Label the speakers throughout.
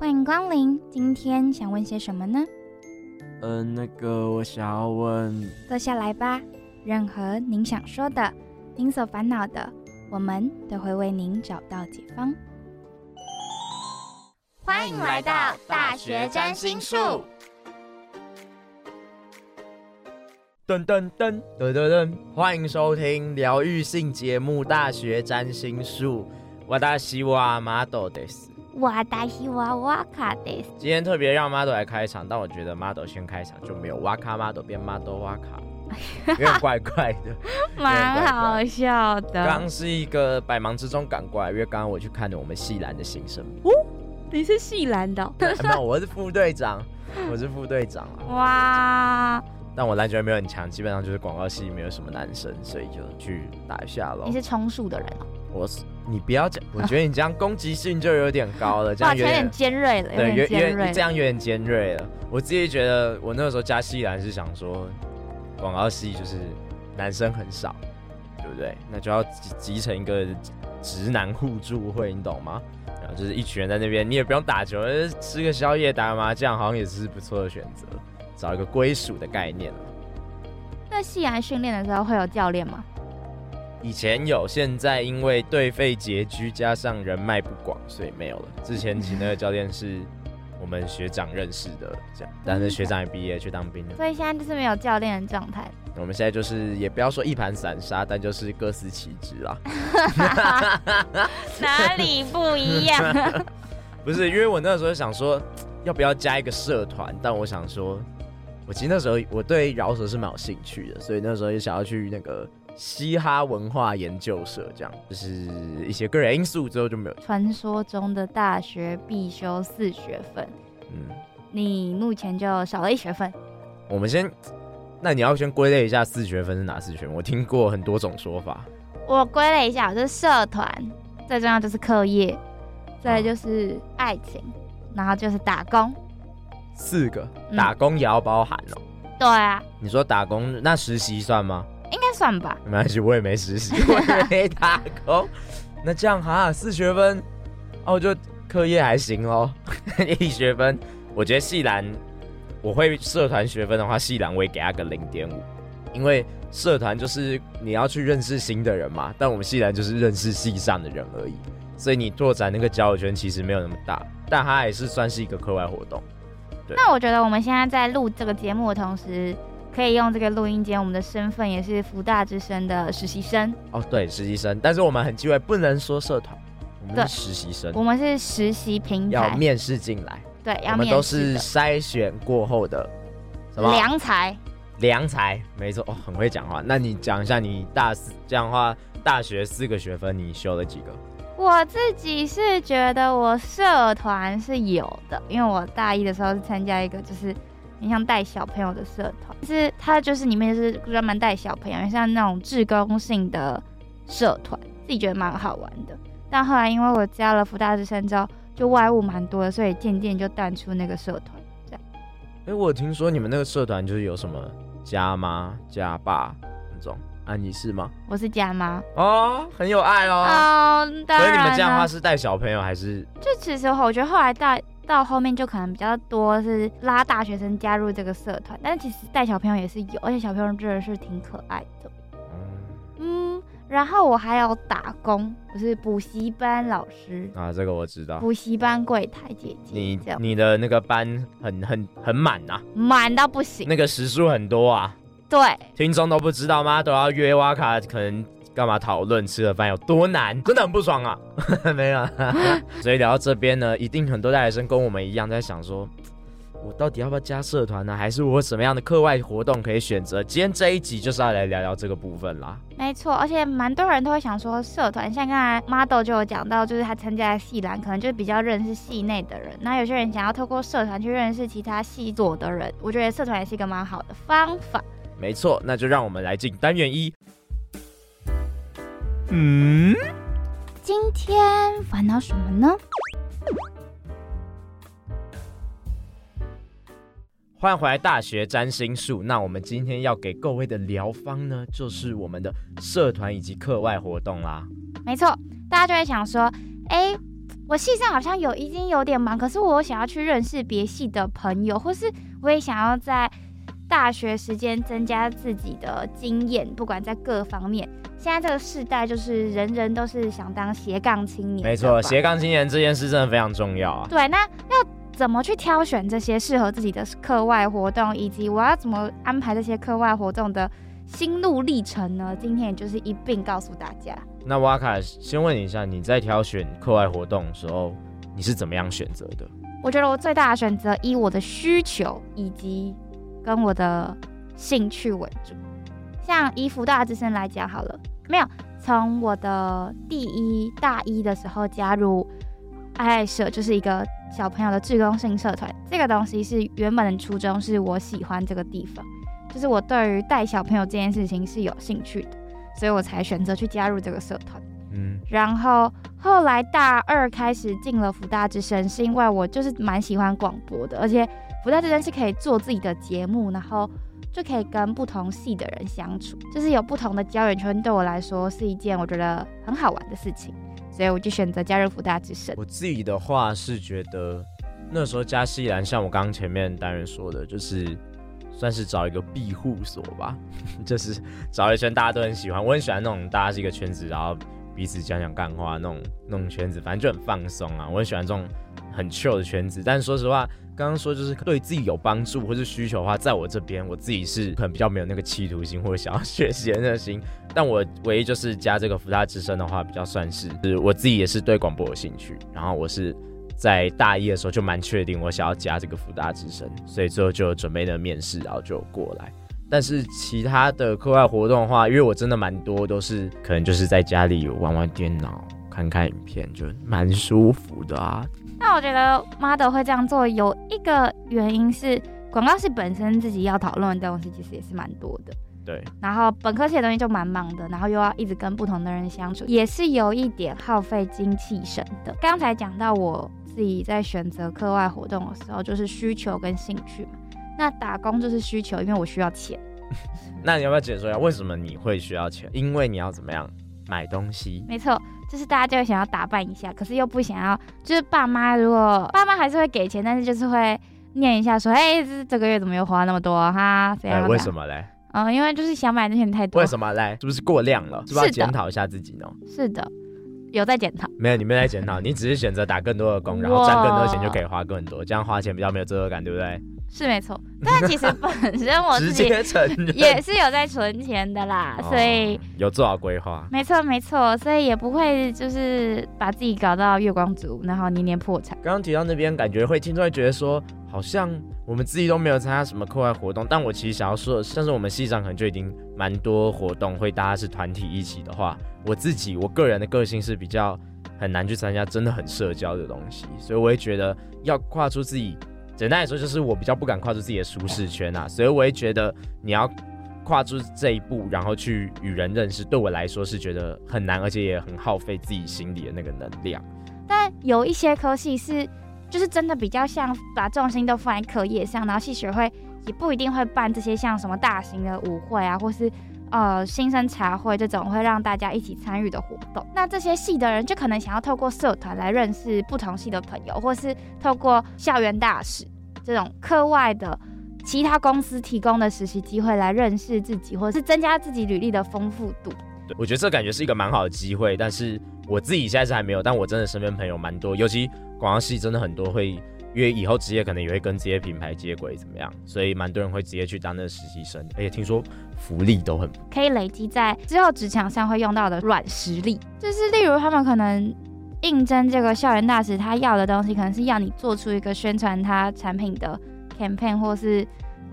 Speaker 1: 歡迎光臨，今天想問些什麼呢？嗯、
Speaker 2: 呃，那個我想要問，
Speaker 1: 坐下來吧，任何您想說的、您所煩惱的，我們都會為您找到解方。歡迎來到大學占心術。
Speaker 2: 噔噔噔噔噔噔，歡迎收聽療癒性節目《大學占心術》。瓦達西瓦馬斗德斯。今天特別讓馬斗來開場，但我覺得馬斗先開場就沒有哇卡馬斗變馬斗哇卡，有點 怪怪的，
Speaker 1: 蠻 好笑的。剛剛是
Speaker 2: 一個百忙之中趕過來，因為剛剛我去看了我們系籃的新生。哦，
Speaker 1: 你是系籃的、哦？對，沒有，
Speaker 2: 我是副隊長，我是副隊長，
Speaker 1: 長啊。哇！
Speaker 2: 但我籃球沒有很強，基本上就是廣告系，沒有什麼男生，所以就去打一下嘍。你是充數的人啊、哦？我是。你不要這，我覺得你這樣攻擊性就有點高了，這樣有點
Speaker 1: 尖銳了。對，有，有點，這樣
Speaker 2: 有點尖銳了。我自己覺得，我那個時候加系籃是想說，廣告系就是男生很少，對不對？那就要集集成一個直男互助會，你懂嗎？然後就是一群人在那邊，你也不用打球，吃個宵夜打麻將，好像也是不錯的選擇，找一個歸屬的概念。那
Speaker 1: 系籃訓練的時候會有教練嗎？
Speaker 2: 以前有，現在因為隊費拮据加上人脈不廣，所以沒有了。之前請那個教練是我們學長認識的，這樣，但是學長也畢業去當兵了，所
Speaker 1: 以現在就是沒有教練的狀態。
Speaker 2: 嗯，我們現在就是也不要說一盤散沙，但就是各司其職啦。
Speaker 1: 哪裡不一樣？
Speaker 2: 不是，因為我那時候想說要不要加一個社團，但我想說，我其實那時候我對饒舌是蠻有興趣的，所以那時候也想要去那個。嘻哈文化研究社，這樣就是一些個人因素，之後就沒有
Speaker 1: 傳說中的大學必修四學分。嗯，你目前就少了一學分。
Speaker 2: 我們先，那你要先歸類一下四學分是哪四學分？我聽過很多種說法。
Speaker 1: 我歸類一下，就是社團最重要就是課業，再就是愛情，啊、然後就是打工。
Speaker 2: 四個打工也要包含哦。對啊。你說打工，那實習算嗎？應該算吧。沒關係，我也沒實習，我也沒打工。 那這樣哈，四學分，哦、啊，就課業還行哦。 一學分，我覺得系籃我會社團學分的話，系籃我也給他個零點五，因為社團就是你要去認識新的人嘛。但我們系籃就是認識系上的人而已，所以你拓展那個交友圈其實沒有那麼大，但他也是算是一個課外活動。
Speaker 1: 那我覺得我們現在在錄這個節目的同時。可以用這個錄音間，我們的身份也是福大之聲的實習生
Speaker 2: 哦，對，實習生，但是我們很忌諱不能說社團，我們是實習生，我們
Speaker 1: 是實習平台，要面
Speaker 2: 試進來。對，要面試，我們都是篩選過後的什麼良才。良才沒錯哦，很會講話。那你講一下你大四這樣的話，大學四個學分你修了幾個？
Speaker 1: 我自己是覺得我社團是有的，因為我大一的時候是參加一個就是。很像帶小朋友的社團，但是它，就是裡面是專門帶小朋友，像那種志工性的社團，自己覺得蠻好玩的。但後來因為我加了福大這三招，就外務蠻多的，所以漸漸就淡出那個社團。這
Speaker 2: 樣。哎、欸，我聽說你們那個社團就是有什麼家媽、家爸那種，啊，你是嗎？我是家媽。哦，很有愛哦。對、哦。
Speaker 1: 啊、所以你們家的話是帶
Speaker 2: 小朋友還是？
Speaker 1: 就其實我覺得後來帶。到後面就可能比較多是拉大學生加入這個社團，但其實帶小朋友也是有，而且小朋友真的是挺可愛的。啊、嗯，然後我還有打工，我是補習班老師
Speaker 2: 啊這個我知道，補
Speaker 1: 習班櫃台姐姐。你
Speaker 2: 你的那個班很很很滿啊，滿到不行，那個時數很多啊。對，聽眾都不知道嗎？都要約哇卡，可能。幹嘛討論吃個飯有多難？真的很不爽啊！ 沒有， 所以聊到這邊呢，一定很多大學生跟我們一樣在想說：說我到底要不要加社團呢、啊？還是我什麼樣的課外活動可以選擇？今天這一集就是要來聊聊這個部分啦。
Speaker 1: 沒錯，而且蠻多人都會想說社團，社團像剛才馬斗就有講到，就是他參加系籃，可能就比較認識系內的人。那有些人想要透過社團去認識其他系所的人，我覺得社團也是一個蠻好的方法。
Speaker 2: 沒錯，那就讓我們來進單元一。嗯，今
Speaker 1: 天煩惱什麼呢？歡迎
Speaker 2: 回來《大學占心術》。那我們今天要給各位的療方呢，就是我們的社團以及課外活動啦。
Speaker 1: 沒錯，大家就會想說，哎，我系上好像已經有點忙，可是我想要去認識別系的朋友，或是我也想要在。大學時間增加自己的經驗，不管在各方面。現在這個時代就是人人都是想當斜槓青
Speaker 2: 年，沒錯，斜槓青年這件事真的非常重要啊。
Speaker 1: 對，那要怎麼去挑選這些適合自己的課外活動，以及我要怎麼安排這些課外活動的心路歷程呢？今天也就是一併告訴大家。
Speaker 2: 那哇卡先問你一下，你在挑選課外活動的時候，你是怎麼樣選擇的？
Speaker 1: 我覺得我最大的選擇，以我的需求以及。跟我的興趣為主，像以福大之聲來講好了，沒有從我的第一大一的時候加入愛愛社，就是一個小朋友的志工性社團。這個東西是原本的初衷，是我喜歡這個地方，就是我對於帶小朋友這件事情是有興趣的，所以我才選擇去加入這個社團。嗯，然後後來大二開始進了福大之聲，是因為我就是蠻喜歡廣播的，而且。福大之聲是可以做自己的節目，然後就可以跟不同系的人相處，就是有不同的交友圈。對我來說，是一件我覺得很好玩的事情，所以我就選擇加入福大之聲。我
Speaker 2: 自己的話是覺得那時候加西蘭，像我剛剛前面單元說的，就是算是找一個庇護所吧， 就是找一圈大家都很喜歡。我很喜歡那種大家是一個圈子，然後彼此講講幹話那種那種圈子，反正就很放鬆啊。我很喜歡這種很 chill 的圈子，但是說實話。剛剛說就是對自己有幫助或是需求的話，在我這邊，我自己是可能比較沒有那個企圖心或者想要學習的那心，但我唯一就是加這個福大之聲的話，比較算是，是我自己也是對廣播有興趣，然後我是在大一的時候就蠻確定我想要加這個福大之聲，所以最後就準備了面試，然後就過來。但是其他的課外活動的話，因為我真的蠻多都是可能就是在家裡玩玩電腦、看看影片，就蠻舒服的啊。
Speaker 1: 那我覺得馬斗會這樣做有一個原因是，廣告系本身自己要討論的東西其實也是蠻多的。對。然後本科寫東西就蠻忙的，然後又要一直跟不同的人相處，也是有一點耗費精氣神的。剛才講到我自己在選擇課外活動的時候，就是需求跟興趣嘛。那打工就是需求，因為我需要錢。
Speaker 2: 那你要不要解釋一下為什麼你會需要錢？因為你要怎麼樣？買東西，
Speaker 1: 沒錯，就是大家就會想要打扮一下，可是又不想要，就是爸媽如果爸媽還是會給錢，但是就是會念一下說，哎、欸，這這個月怎麼又花那麼多哈？欸，為什麼嘞？嗯，因為就是想買的東西太多。為
Speaker 2: 什麼嘞？是不是過量了？是不是要檢討一下自己呢？
Speaker 1: 是的,是的，有在檢討。
Speaker 2: 沒有，你沒有在檢討， 你只是選擇打更多的工，然後賺更多的錢就可以花更多，哇這樣花錢比較沒有罪惡感，對不對？
Speaker 1: 是沒錯，但其實本身我自己 承也是有在存錢的啦。哦，所以
Speaker 2: 有做好規劃。
Speaker 1: 沒錯沒錯，所以也不會就是把自己搞到月光族，然後年年破產。剛剛
Speaker 2: 提到那邊，感覺會聽眾會覺得說，好像我們自己都沒有參加什麼課外活動。但我其實想要說，像是我們系上可能就已經蠻多活動，會大家是團體一起的話，我自己我個人的個性是比較很難去參加真的很社交的東西，所以我也覺得要跨出自己。簡單來說，就是我比較不敢跨出自己的舒適圈啊，嗯、所以我會覺得你要跨出這一步，然後去與人認識，對我來說是覺得很難，而且也很耗費自己心裡的那個能量。
Speaker 1: 但有一些科系是，就是真的比較像把重心都放在課業上，然後系學會也不一定會辦這些像什麼大型的舞會啊，或是呃新生茶會這種會讓大家一起參與的活動。那這些系的人就可能想要透過社團來認識不同系的朋友，或是透過校園大使。這種課外的其他公司提供的實習機會，來認識自己，或者是增加自己履歷的豐富度。
Speaker 2: 對，我覺得這感覺是一個蠻好的機會，但是我自己現在是還沒有，但我真的身邊朋友蠻多，尤其廣告系真的很多會約，因為以後職業可能也會跟這些品牌接軌怎麼樣，所以蠻多人會直接去當那個實習生，而且聽說福利都很可
Speaker 1: 以累積在之後職場上會用到的軟實力，就是例如他們可能，應徵這個校園大使，他要的東西可能是要你做出一個宣傳他產品的 campaign，或是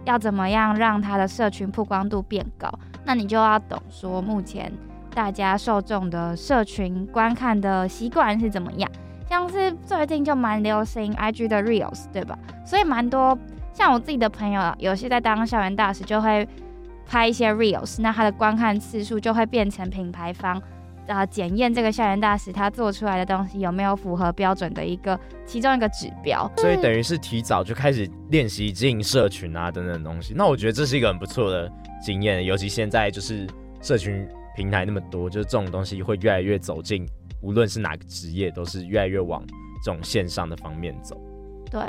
Speaker 1: 要怎麼樣讓他的社群曝光度變高。那你就要懂說，目前大家受眾的社群觀看的習慣是怎麼樣。像是最近就蠻流行 IG 的 Reels，對吧？所以蠻多像我自己的朋友啊，有些在當校園大使就會拍一些 Reels，那他的觀看次數就會變成品牌方。然後檢驗這個校園大使他做出來的東西有沒有符合標準的一個，其中一個指標。所以等
Speaker 2: 於是提早就開始練習經營社群啊等等東西。那我覺得這是一個很不錯的經驗，尤其現在就是社群平台那麼多，就是這種東西會越來越走進，無論是哪個職業，都是越來越往這種線上的方面走。
Speaker 1: 對，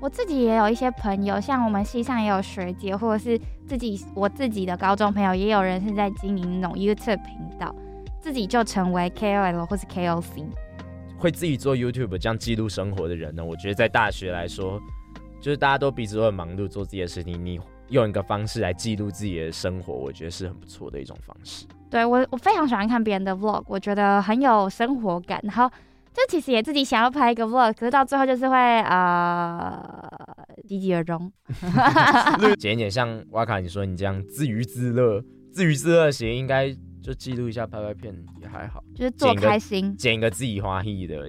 Speaker 1: 我自己也有一些朋友，像我們系上也有學姐，或者是自己我自己的高中朋友，也有人是在經營那種 YouTube 頻道。自己就成為 KOL 或是 KOC，
Speaker 2: 會自己做 YouTube 這樣記錄生活的人呢？我覺得在大學來說，就是大家都彼此都很忙碌做自己的事情，你用一個方式來記錄自己的生活，我覺得是很不錯的一種方式。
Speaker 1: 對，我，我非常喜歡看別人的 Vlog，我覺得很有生活感。然後，就其實也自己想要拍一個 Vlog，可是到最後就是會呃，無疾而終。
Speaker 2: 簡簡像哇卡你說你這樣自娛自樂，自娛自樂行應該。就記錄一下拍拍片也還好，就是做開心，剪一，剪一個自己歡喜的，
Speaker 1: 對，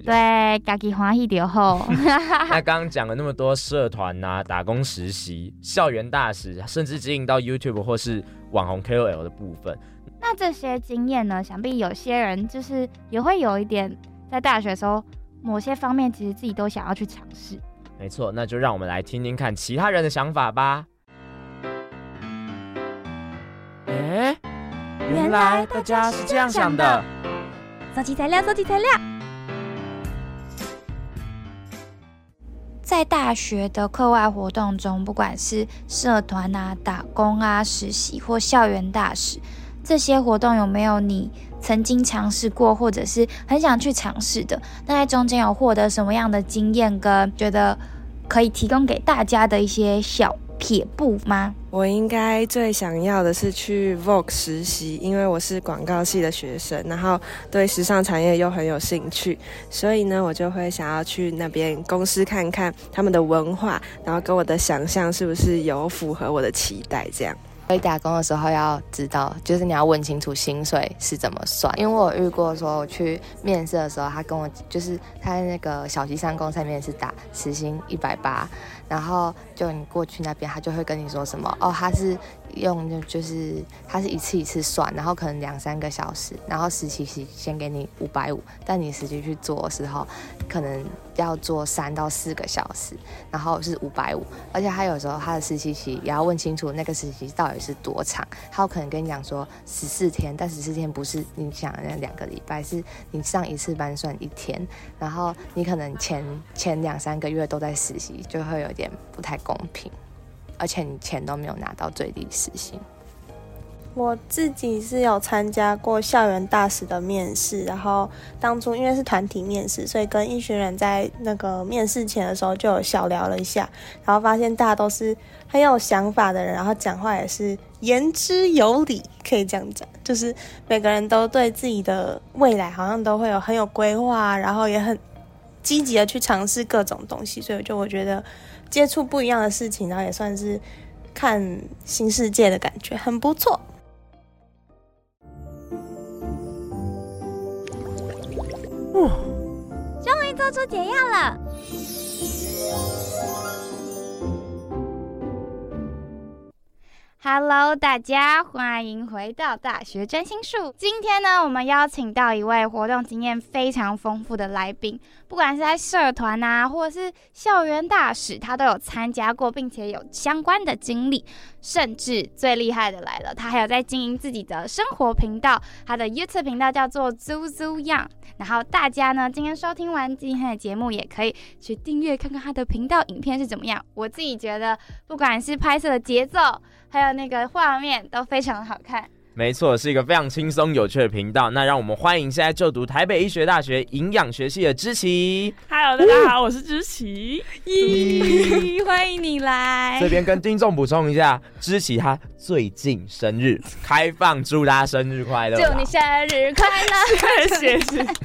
Speaker 1: 自己歡喜的。好。 那
Speaker 2: 剛剛講了那麼多社團吶、啊、打工實習、校園大使，甚至經營到 YouTube 或是網紅 K O L 的部分，
Speaker 1: 那這些經驗呢？想必有些人就是也會有一點，在大學時候某些方面，其實自己都想要去嘗試。
Speaker 2: 沒錯，那就讓我們來聽聽看其他人的想法吧。原
Speaker 1: 來大家是這樣想的。收集材料，收集材料。在大學的課外活動中，不管是社團啊、打工啊、實習或校園大使，這些活動有沒有你曾經嘗試過，或者是很想去嘗試的？那在中間有獲得什麼樣的經驗，跟覺得可以提供給大家的一些小？
Speaker 3: 鐵布嗎？我應該最想要的是去 Vogue 實習，因為我是廣告系的學生，然後對時尚產業又很有興趣，所以呢，我就會想要去那邊公司看看他們的文化，然後跟我的想象是不是有符合我的期待這樣。
Speaker 1: 所以打工的時候要知道，就是你要問清楚薪水是怎麼算。因為我遇過說，我去面試的時候，他跟我就是他在那個小雞上工上面是打時薪一百八，然後就你過去那邊，他就會跟你說什麼哦，他是。用就就是他是一次一次算，然後可能兩三個小時，然後實習期，期先給你五百五，但你實際去做的時候，可能要做三到四個小時，然後是五百五，而且他有時候他的實習期，期也要問清楚那個實習到底是多長，他有可能跟你講說十四天，但十四天不是你想的那兩個禮拜，是你上一次班算一天，然後你可能前前兩三個月都在實習，就會有一點不太公平。而且你錢都沒有拿到最低時薪。我自己是有參加過校園大使的面試，然後當初因為是團體面試，所以跟一群人在那個面試前的時候就有小聊了一下，然後發現大家都是很有想法的人，然後講話也是言之有理，可以這樣講，就是每個人都對自己的未來好像都會有很有規劃，然後也很。積極的去嘗試各種東西，所以我就我覺得接觸不一樣的事情，啊，然後也算是看新世界的感覺，很不錯。哇！終於做出解藥了！Hello，大家歡迎回到大學占心術。今天呢，我們邀請到一位活動經驗非常豐富的來賓。不管是在社團吶、啊，或者是校園大使，他都有參加過，並且有相關的經歷。甚至最厲害的來了，他還有在經營自己的生活頻道，他的 YouTube 頻道叫做 zuzu yang。然後大家呢，今天收聽完今天的節目，也可以去訂閱看看他的頻道影片是怎麼樣。我自己覺得，不管是拍攝的節奏，還有那個畫面都非常的好看。
Speaker 2: 沒錯，是一個非常輕鬆有趣的頻道。那讓我們歡迎現在就讀台北醫學大學營養學系的之齊。
Speaker 3: Hello，大家好，嗚我是之齊，e, Ye e. 歡迎你來。這邊
Speaker 2: 跟聽眾補充一下，之齊她最近生日，開放祝他生日快樂。祝你
Speaker 1: 生日快樂。謝謝。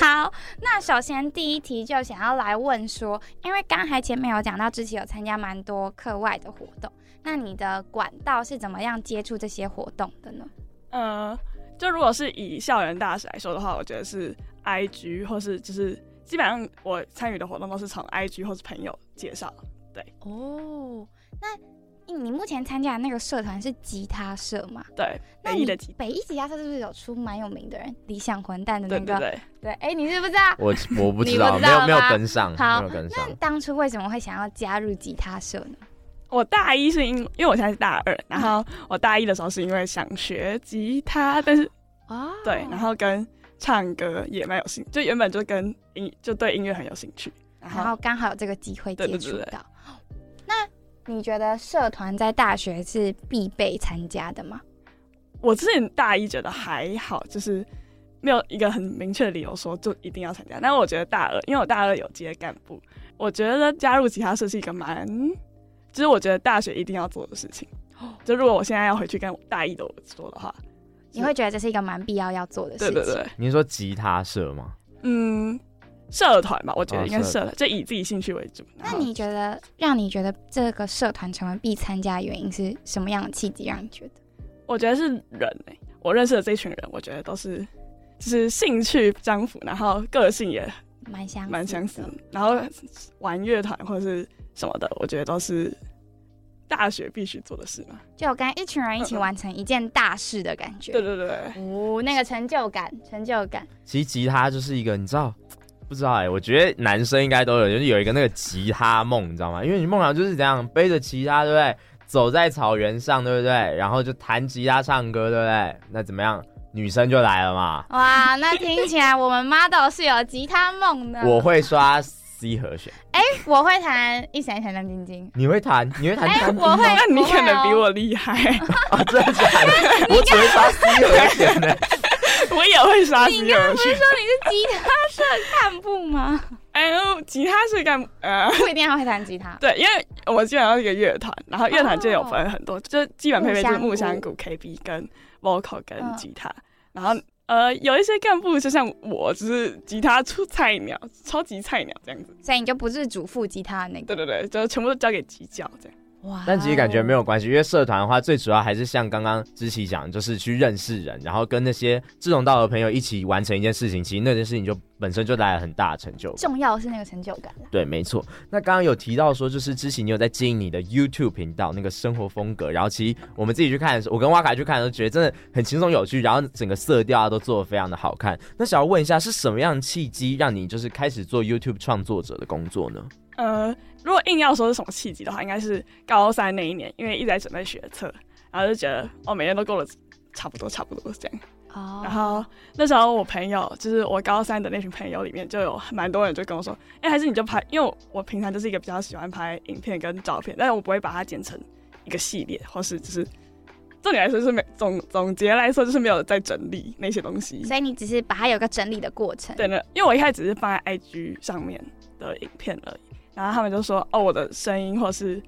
Speaker 1: 好，那首先第一題就想要來問說，因為剛才前面有講到，之齊有參加蠻多課外的活動。那你的管道是怎麼樣接觸這些活動的呢？呃，
Speaker 3: 就如果是以校園大使來說的話，我覺得是 IG 或是就是基本上我參與的活動都是從 IG 或是朋友介紹。對哦，
Speaker 2: 那
Speaker 1: 你目前參加的那個社團是吉他社嗎？對，北一，的那你北一吉他社是不是有出蠻有名的人？理想混蛋的那個，對，對，對，對，哎、欸，你知不知道？我
Speaker 2: 我不知道， 你知道沒有沒有跟上。好，沒有跟上。那
Speaker 3: 當初為什麼會想要加入吉他社呢？我大一是因因為我現在是大二，然後我大一的時候是因為想學吉他，嗯、哼但是啊，哇對，然後跟唱歌也蠻有興，就原本就跟音就對音樂很有興趣，然後剛好有這個機會接觸到。對對對對。
Speaker 1: 那你覺得社團在大學是必備參加的嗎？
Speaker 3: 我之前大一覺得還好，就是沒有一個很明確的理由說就一定要參加，但我覺得大二因為我大二有接幹部，我覺得加入吉他社是一個蠻。其實我覺得大學一定要做的事情，就如果我現在要回去跟大一的我說的話，你會覺得這是一個蠻必要要做的事情。對對
Speaker 2: 對，你說吉他社嗎？嗯，
Speaker 3: 社
Speaker 2: 團嘛，我覺得應該是社團、
Speaker 1: 哦、
Speaker 3: 就以自己興趣為主。那
Speaker 1: 你覺得讓你覺得這個社團成為必參加的原因是什麼樣的契機？讓你覺得？我
Speaker 3: 覺得是人、欸、我認識的這一群人，我覺得都是就是興趣相符，然後個性也蠻相蠻相似，然後玩樂團或者是什麼的，我覺得都是。大學必須做的事嗎？
Speaker 1: 就跟一群人一起完成一件大事的感覺。 對對對，對，哦，那個成就感，成就感。
Speaker 2: 其實吉他就是一個，你知道，不知道哎、欸？我覺得男生應該都有，就是有一個那個吉他夢，你知道嗎？因為你夢想就是怎樣，背着吉他，對不對？走在草原上，對不對？然後就彈吉他唱歌，對不對？那怎麼樣？女生就來了嘛。
Speaker 1: 哇，那聽起來我們馬斗 是有吉他夢的。我
Speaker 2: 會刷。C 和弦，
Speaker 1: 哎，我會彈一閃一閃亮晶晶。
Speaker 2: 你會彈，你會彈，哎，我
Speaker 3: 會，那你可能比我厲害啊！真
Speaker 2: 的，我只會刷 C 和弦的，
Speaker 3: 我也會刷。你剛剛不是說你是吉他社幹部嗎？哎呦，吉他社幹，呃，不一定要會彈吉他。對，因為我們基本上是一個樂團，然後樂團就有分很多，就基本配備就是木箱鼓、KB 跟 vocal 跟吉他，然後。呃，有一些幹部就像我，只、就是吉他出菜鳥，超級菜鳥這樣子，所以你就不是主副吉他那個，對對對，就全部都交給吉教這樣。
Speaker 2: Wow 但其實感覺沒有關係，因為社團的話，最主要還是像剛剛之齊講，就是去認識人，然後跟那些志同道合的朋友一起完成一件事情，其實那件事情就本身就，本身就帶來很大的成就。
Speaker 1: 重要的是那個成就感。
Speaker 2: 對，沒錯。那剛剛有提到說，就是之齊你有在經營你的 YouTube 頻道那個生活風格，然後其實我們自己去看的時候，我跟哇卡去看，都覺得真的很輕鬆有趣，然後整個色調啊都做的非常的好看。那想要問一下，是什麼樣的契機讓你就是開始做 YouTube 創作者的工作呢？呃。
Speaker 3: 如果硬要說是什麼契機的話，應該是高三那一年，因為一直在準備學測，然後就覺得我、哦、每天都過得差不多，差不多是這樣。哦。Oh. 然後那時候我朋友，就是我高三的那群朋友裡面，就有蠻多人就跟我說：“哎、欸，還是你就拍，因為我平常就是一個比較喜歡拍影片跟照片，但是我不會把它剪成一個系列，或是就是，重點來說是沒總總結來說就是沒有在整理那些東西。所以你只是把它有個整理的過程。對呢，因為我一開始只是放在 IG 上面的影片而已。然後他們就說：“哦，我的聲音或是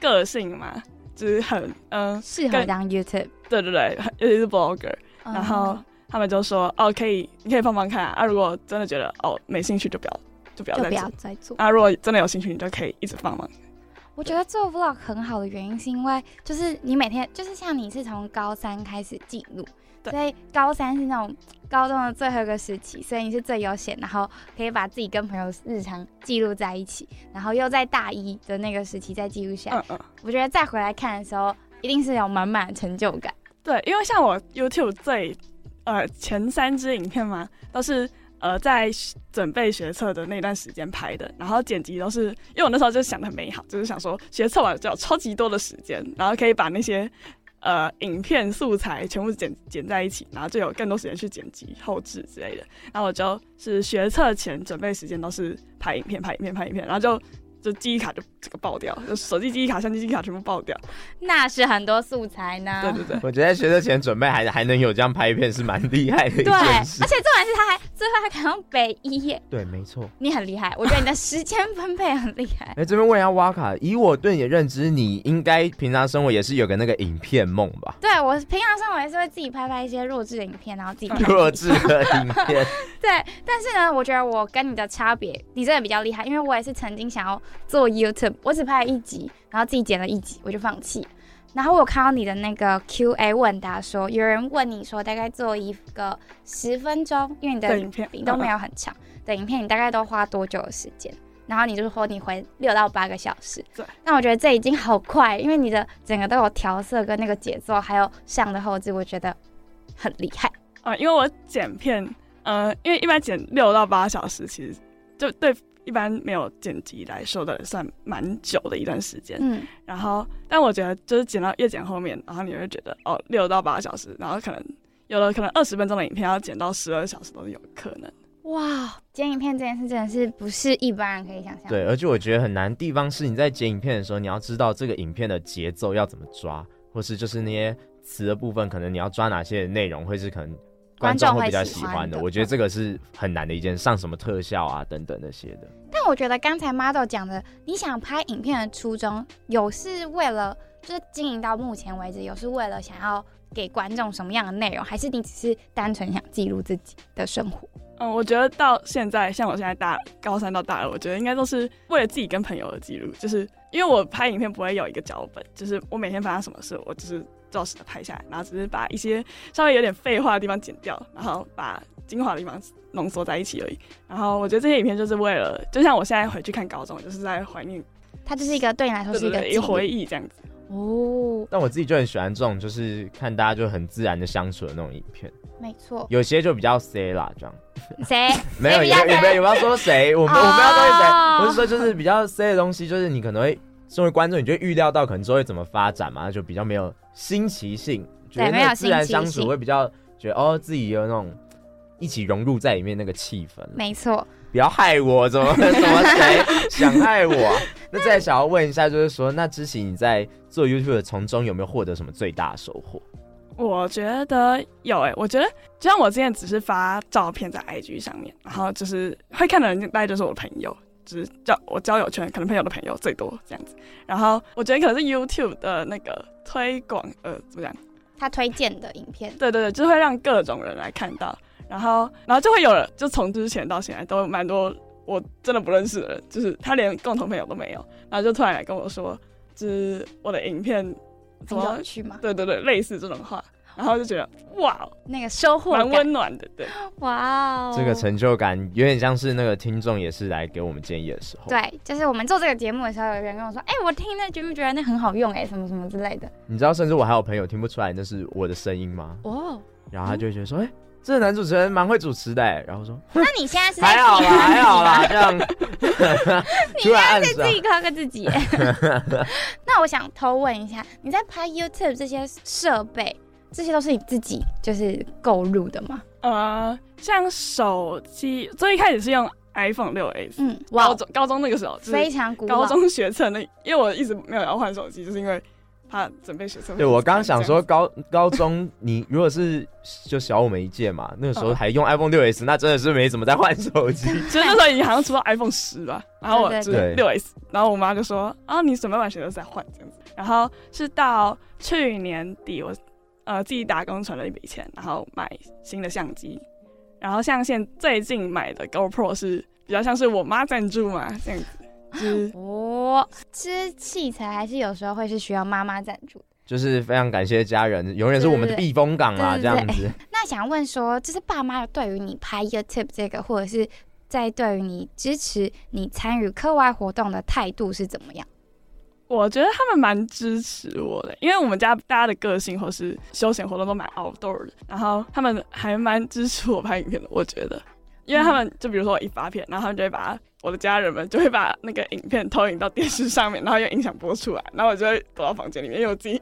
Speaker 3: 個性嘛，就是很嗯適合當 YouTube，對對對，尤其是 Vlogger、uh。Huh. ”然後他們就說：“哦，可以，你可以放放看啊，啊。如果真的覺得哦沒興趣，就不要，就不要再做那、啊、如果真的有興趣，你就可以一直放嘛。”
Speaker 1: 我覺得做 Vlog 很好的原因是因為，就是你每天就是像你是從高三開始記錄。對所以高三是那種高中的最後一個時期，所以你是最悠閒，然後可以把自己跟朋友日常記錄在一起，然後又在大一的那個時期再記錄下來嗯嗯，嗯我覺得再回來看的時候，一定是有滿滿的成就感。
Speaker 3: 對，因為像我 YouTube 最呃前三支影片嘛，都是呃在準備學測的那段時間拍的，然後剪輯都是因為我那時候就想得很美好，就是想說學測完就有超級多的時間，然後可以把那些。呃，影片素材全部剪剪在一起，然後就有更多時間去剪輯、後製之類的。然後我就是學測前準備時間都是拍影片、拍影片、拍影片，然後就就記憶卡就。這個爆掉，手機記憶卡、相機記憶卡全部爆掉，那是很多素材呢。 對對對，
Speaker 2: 我覺得學車前準備還還能有這樣拍一片是蠻厲害的。對，而且
Speaker 1: 這玩意他還最後還考上北一。
Speaker 2: 對，沒錯。
Speaker 1: 你很厲害，我覺得你的時間分配很厲害。哎、
Speaker 2: 欸、這邊問一下，哇卡，以我對你的認知，你應該平常生活也是有個那個影片夢吧？
Speaker 1: 對，我平常生活也是會自己拍拍一些弱智的影片，然後自己弱
Speaker 2: 智的影片。
Speaker 1: 對，但是呢，我覺得我跟你的差別，你真的比較厲害，因為我也是曾經想要做 YouTube。我只拍了一集，然後自己剪了一集，我就放棄。然後我有看到你的那個 Q A 問答說，說有人問你說，大概做一個十分鐘，因為你的影片都沒有很長的影片，你大概都花多久的時間？然後你就是說你回六到八個小時。對。那我覺得這已經好快，因為你的整個都有調色跟那個節奏，還有上的後製，我覺得
Speaker 3: 很厲害。啊、呃，因為我剪片，呃，因為一般剪六到八小時，其實就對。一般沒有剪輯來說的算蠻久的一段時間，嗯，然後但我覺得就是剪到越剪後面，然後你會覺得哦，六到八小時，然後可能
Speaker 2: 有了可能二十分鐘的影片，要剪到十二小時都是有可能。
Speaker 1: 哇，剪影片這件事真的是不是一般人可以想象
Speaker 2: 的？對，而且我覺得很難地方是，你在剪影片的時候，你要知道這個影片的節奏要怎麼抓，或是就是那些詞的部分，可能你要抓哪些內容，或是可能。觀眾會比較喜歡的，歡的，我覺得這個是很難的一件。上什麼特效啊，等等那些的。
Speaker 1: 但我覺得剛才馬斗講的，你想拍影片的初衷，有是為了就是經營到目前為止，有是為了想要給觀眾什麼樣的內容，還是你只是單純想記錄自己的生活？
Speaker 3: 嗯，我覺得到現在，像我現在大高三到大二，我覺得應該都是為了自己跟朋友的記錄。就是因為我拍影片不會有一個腳本，就是我每天發生什麼事，我就是。照實的拍下來，然後只是把一些稍微有點廢話的地方剪掉，然後把精華的地方濃縮在一起而已。然後我覺得這些影片就是為了，就像我現在回去看高中，就是在懷念。它就是一個對你來說是一個對對對一回憶這樣子哦。
Speaker 2: 但我自己就很喜歡這種，就是看大家就很自然的相處的那種影片。沒錯錯。有些就比較 C 啦這樣。
Speaker 1: 誰誰？ 沒有，有沒有有沒有，有沒有，沒有要說
Speaker 2: 誰？我沒有、哦、我沒有要說誰？我就說就是比較 C 的東西，就是你可能會。身為觀眾，你覺得預料到可能說會怎麼發展嘛？就比較沒有新奇性，對覺得那自然相處會比較覺得哦，自己有那種一起融入在裡面那個氣氛。沒錯錯。不要害我，怎麼怎麼想害我？ 那再想要問一下，就是說，那之前你在做 YouTube 從中有沒有獲得什麼最大的收穫？
Speaker 3: 我覺得有誒、欸，我覺得就像我之前只是發照片在 IG 上面，然後就是會看的人大概就是我朋友。就是交，我交友圈可能朋友的朋友最多這樣子，然後我覺得可能是 YouTube 的那個推廣，呃，怎麼講？
Speaker 1: 他推薦的影片。
Speaker 3: 對對對，就會讓各種人來看到，然後然後就會有人，就從之前到現在都蠻多，我真的不認識的人，就是他連共同朋友都沒有，然後就突然來跟我說，就是我的影片怎麼樣嗎？有趣嗎？對對對，類似這種話。然後就覺得哇，那個收穫蠻溫暖的，對，哇，
Speaker 1: 這個
Speaker 2: 成就感有點像是那個聽眾也是來給我們建議的時候，對，
Speaker 1: 就是我們做這個節目的時候，有人跟我說，哎，我聽那覺不覺得那很好用？哎，什麼什麼之類的。
Speaker 2: 你知道，甚至我還有朋友聽不出來那是我的聲音嗎？哦，然後他就覺得說，哎，這個男主持人蠻會主持的。然後說，那
Speaker 1: 你現在是，還好啦，還好啦，這樣。你現在在自己誇個自己。那我想偷問一下，你在拍 YouTube 這些設備？這些都是你自己就
Speaker 3: 是購入的嗎？呃，像手機最一開始是用 iPhone 六 S，, 嗯，哇 高中高中那個時候非常古。高中學測那，因為我一直沒有要換手機，就是因為怕準備學測。對，我剛剛想
Speaker 2: 說高 高中你如果是就小我們一屆嘛，那個時候還用 iPhone 六 S，, S, 那真的是沒怎麼在換手機，其
Speaker 3: 實 那時候已經好像出到 iPhone 十了，然後我就是六 S, 對六 S，然後我媽就說，啊，你準備完學測再在換這樣子，然後是到去年底我。呃，自己打工存了一筆錢，然後買新的相機，然後像現在最近買的 GoPro 是比較像是我媽贊助嘛，贊助。
Speaker 1: 哇，其實、哦、器材還是有時候會是需要媽媽贊助，
Speaker 2: 就是非常感謝家人，永遠是我們的避風港啊，對對對，這樣子。
Speaker 1: 那想問說，就是爸媽對於你拍 YouTube 這個，或者是在對於你支持你參與課外活動的態度是怎麼樣？我覺得他
Speaker 3: 們蠻支持我的，因為我們家大家的個性或是休閒活動都蠻 outdoor 的，然後他們還蠻支持我拍影片的。我覺得，因為他們就比如說我一發片，然後他們就會把我的家人們就會把那個影片投影到電視上面，然後用音響播出來，然後我就會躲到房間裡面，因為
Speaker 2: 我自己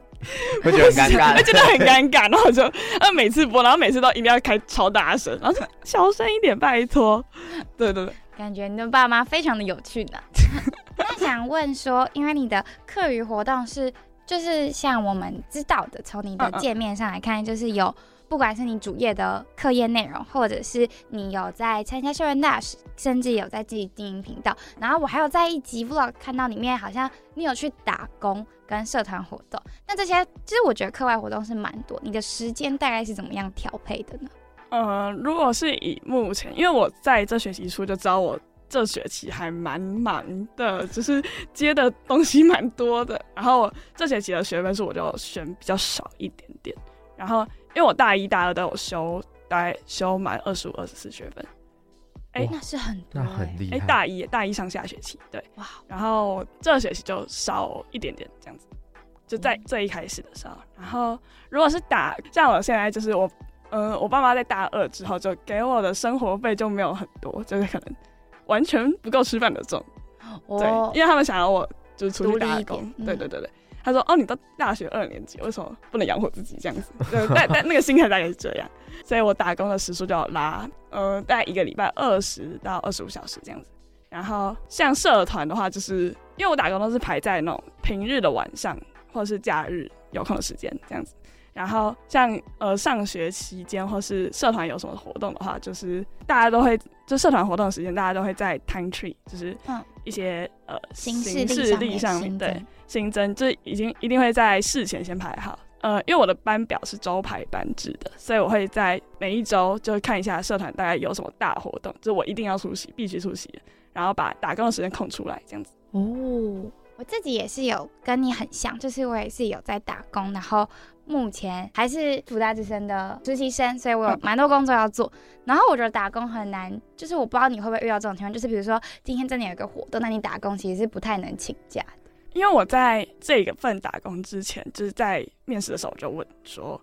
Speaker 2: 會覺得很尷尬，覺得很
Speaker 3: 尷尬， 尬，然後我就呃、啊、每次播，然後每次都一定要開超大聲，然後就小聲一點拜託，對對對，
Speaker 1: 感覺你的爸媽非常的有趣呢。 那 想問說，因為你的課餘活動是，就是像我們知道的，從你的界面上來看，就是有不管是你主頁的課業內容，或者是你有在參加校園大使，甚至有在自己經營頻道。然後我還有在一集 vlog 看到裡面，好像你有去打工跟社團活動。那這些其實、就是、我覺得課外活動是蠻多，你的時間大概是怎麼樣調配的呢？呃，
Speaker 3: 如果是以目前，因為我在這學期初就知道我。這學期還蠻忙的，只、就是接的東西蠻多的。然後這學期的學分數我就選比較少一點點。然後因為我大一、大二都有修，大概修滿二十五、二十四學分。
Speaker 1: 哎、欸，哇那是很，那很
Speaker 3: 厲害。哎，大一、大一上下學期對。哇。然後這學期就少一點點這樣子，就在最一開始的時候。然後如果是打像我現在，就是我，嗯，我爸媽在大二之後就給我的生活費就沒有很多，就是可能。完全不夠吃飯的這種，oh, 對，因為他們想要我就是出去打工，對對對對，嗯、他說哦，你到大學二年級，為什麼不能養活自己這樣子？對， 但但那個心態大概是這樣，所以我打工的時數就要拉，呃，大概一個禮拜二十到二十五小時這樣子。然後像社團的話，就是因為我打工都是排在那種平日的晚上或者是假日有空的時間這樣子。然後像呃上學期間或是社團有什麼活動的話，就是大家都會。就社團活動的時間，大家都會在 Time Tree，就是一些、嗯、呃新勢力上面新增，對，新增，就已經一定會在事前先排好。呃，因為我的班表是週排班制的，所以我會在每一週就看一下社團大概有什麼大活動，就我一定要出席，必須出席，然後把打工的時間空出來，這樣子。
Speaker 1: 哦，我自己也是有跟你很像，就是我也是有在打工，然後。目前還是輔大之聲的實習生，所以我有蠻多工作要做。嗯、然後我覺得打工很難，就是我不知道你會不會遇到這種情況，就是比如說今天真的有一個活動，那你打工其實是不太能請假的。
Speaker 3: 因為我在這個份打工之前，就是在面試的時候我就問說，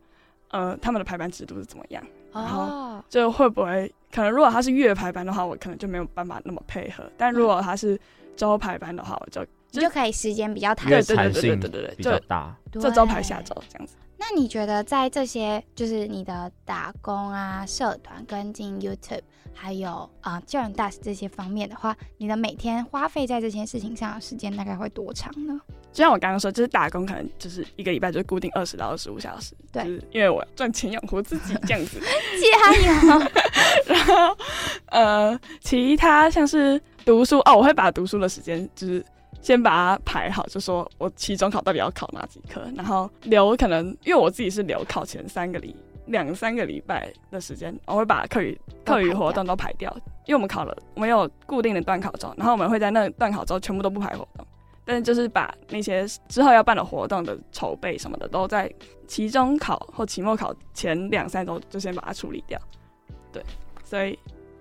Speaker 3: 呃，他們的排班制度是怎麼樣？哦。就會不會可能如果他是月排班的話，我可能就沒有辦法那麼配合；但如果他是周排班的話，我就就可以時間比較彈性，嗯、對對對對對對，比較大，
Speaker 2: 這周排
Speaker 3: 下周這樣子。
Speaker 1: 那你覺得在這些就是你的打工啊、社團跟進 YouTube，還有啊教、呃、人 u d s 這些方面的話，你的每天花費在這些事情上的時間大概會多長呢？
Speaker 3: 就像我剛剛說，就是打工可能就是一個禮拜就是固定二十到二十五小時，對，因為我賺錢養活自己這樣子。 然後呃，其他像是讀書哦，我會把讀書的時間就是。先把它排好，就說我期中考到底要考哪幾科，然後留可能因為我自己是留考前三個禮兩三個禮拜的時間，我會把課餘課餘活動都排掉，排掉因為我們考了，我們有固定的段考週，然後我們會在那段考週全部都不排活動，但是就是把那些之後要辦的活動的籌備什麼的，都在期中考或期末考前兩三週就先把它處理掉，對，所以。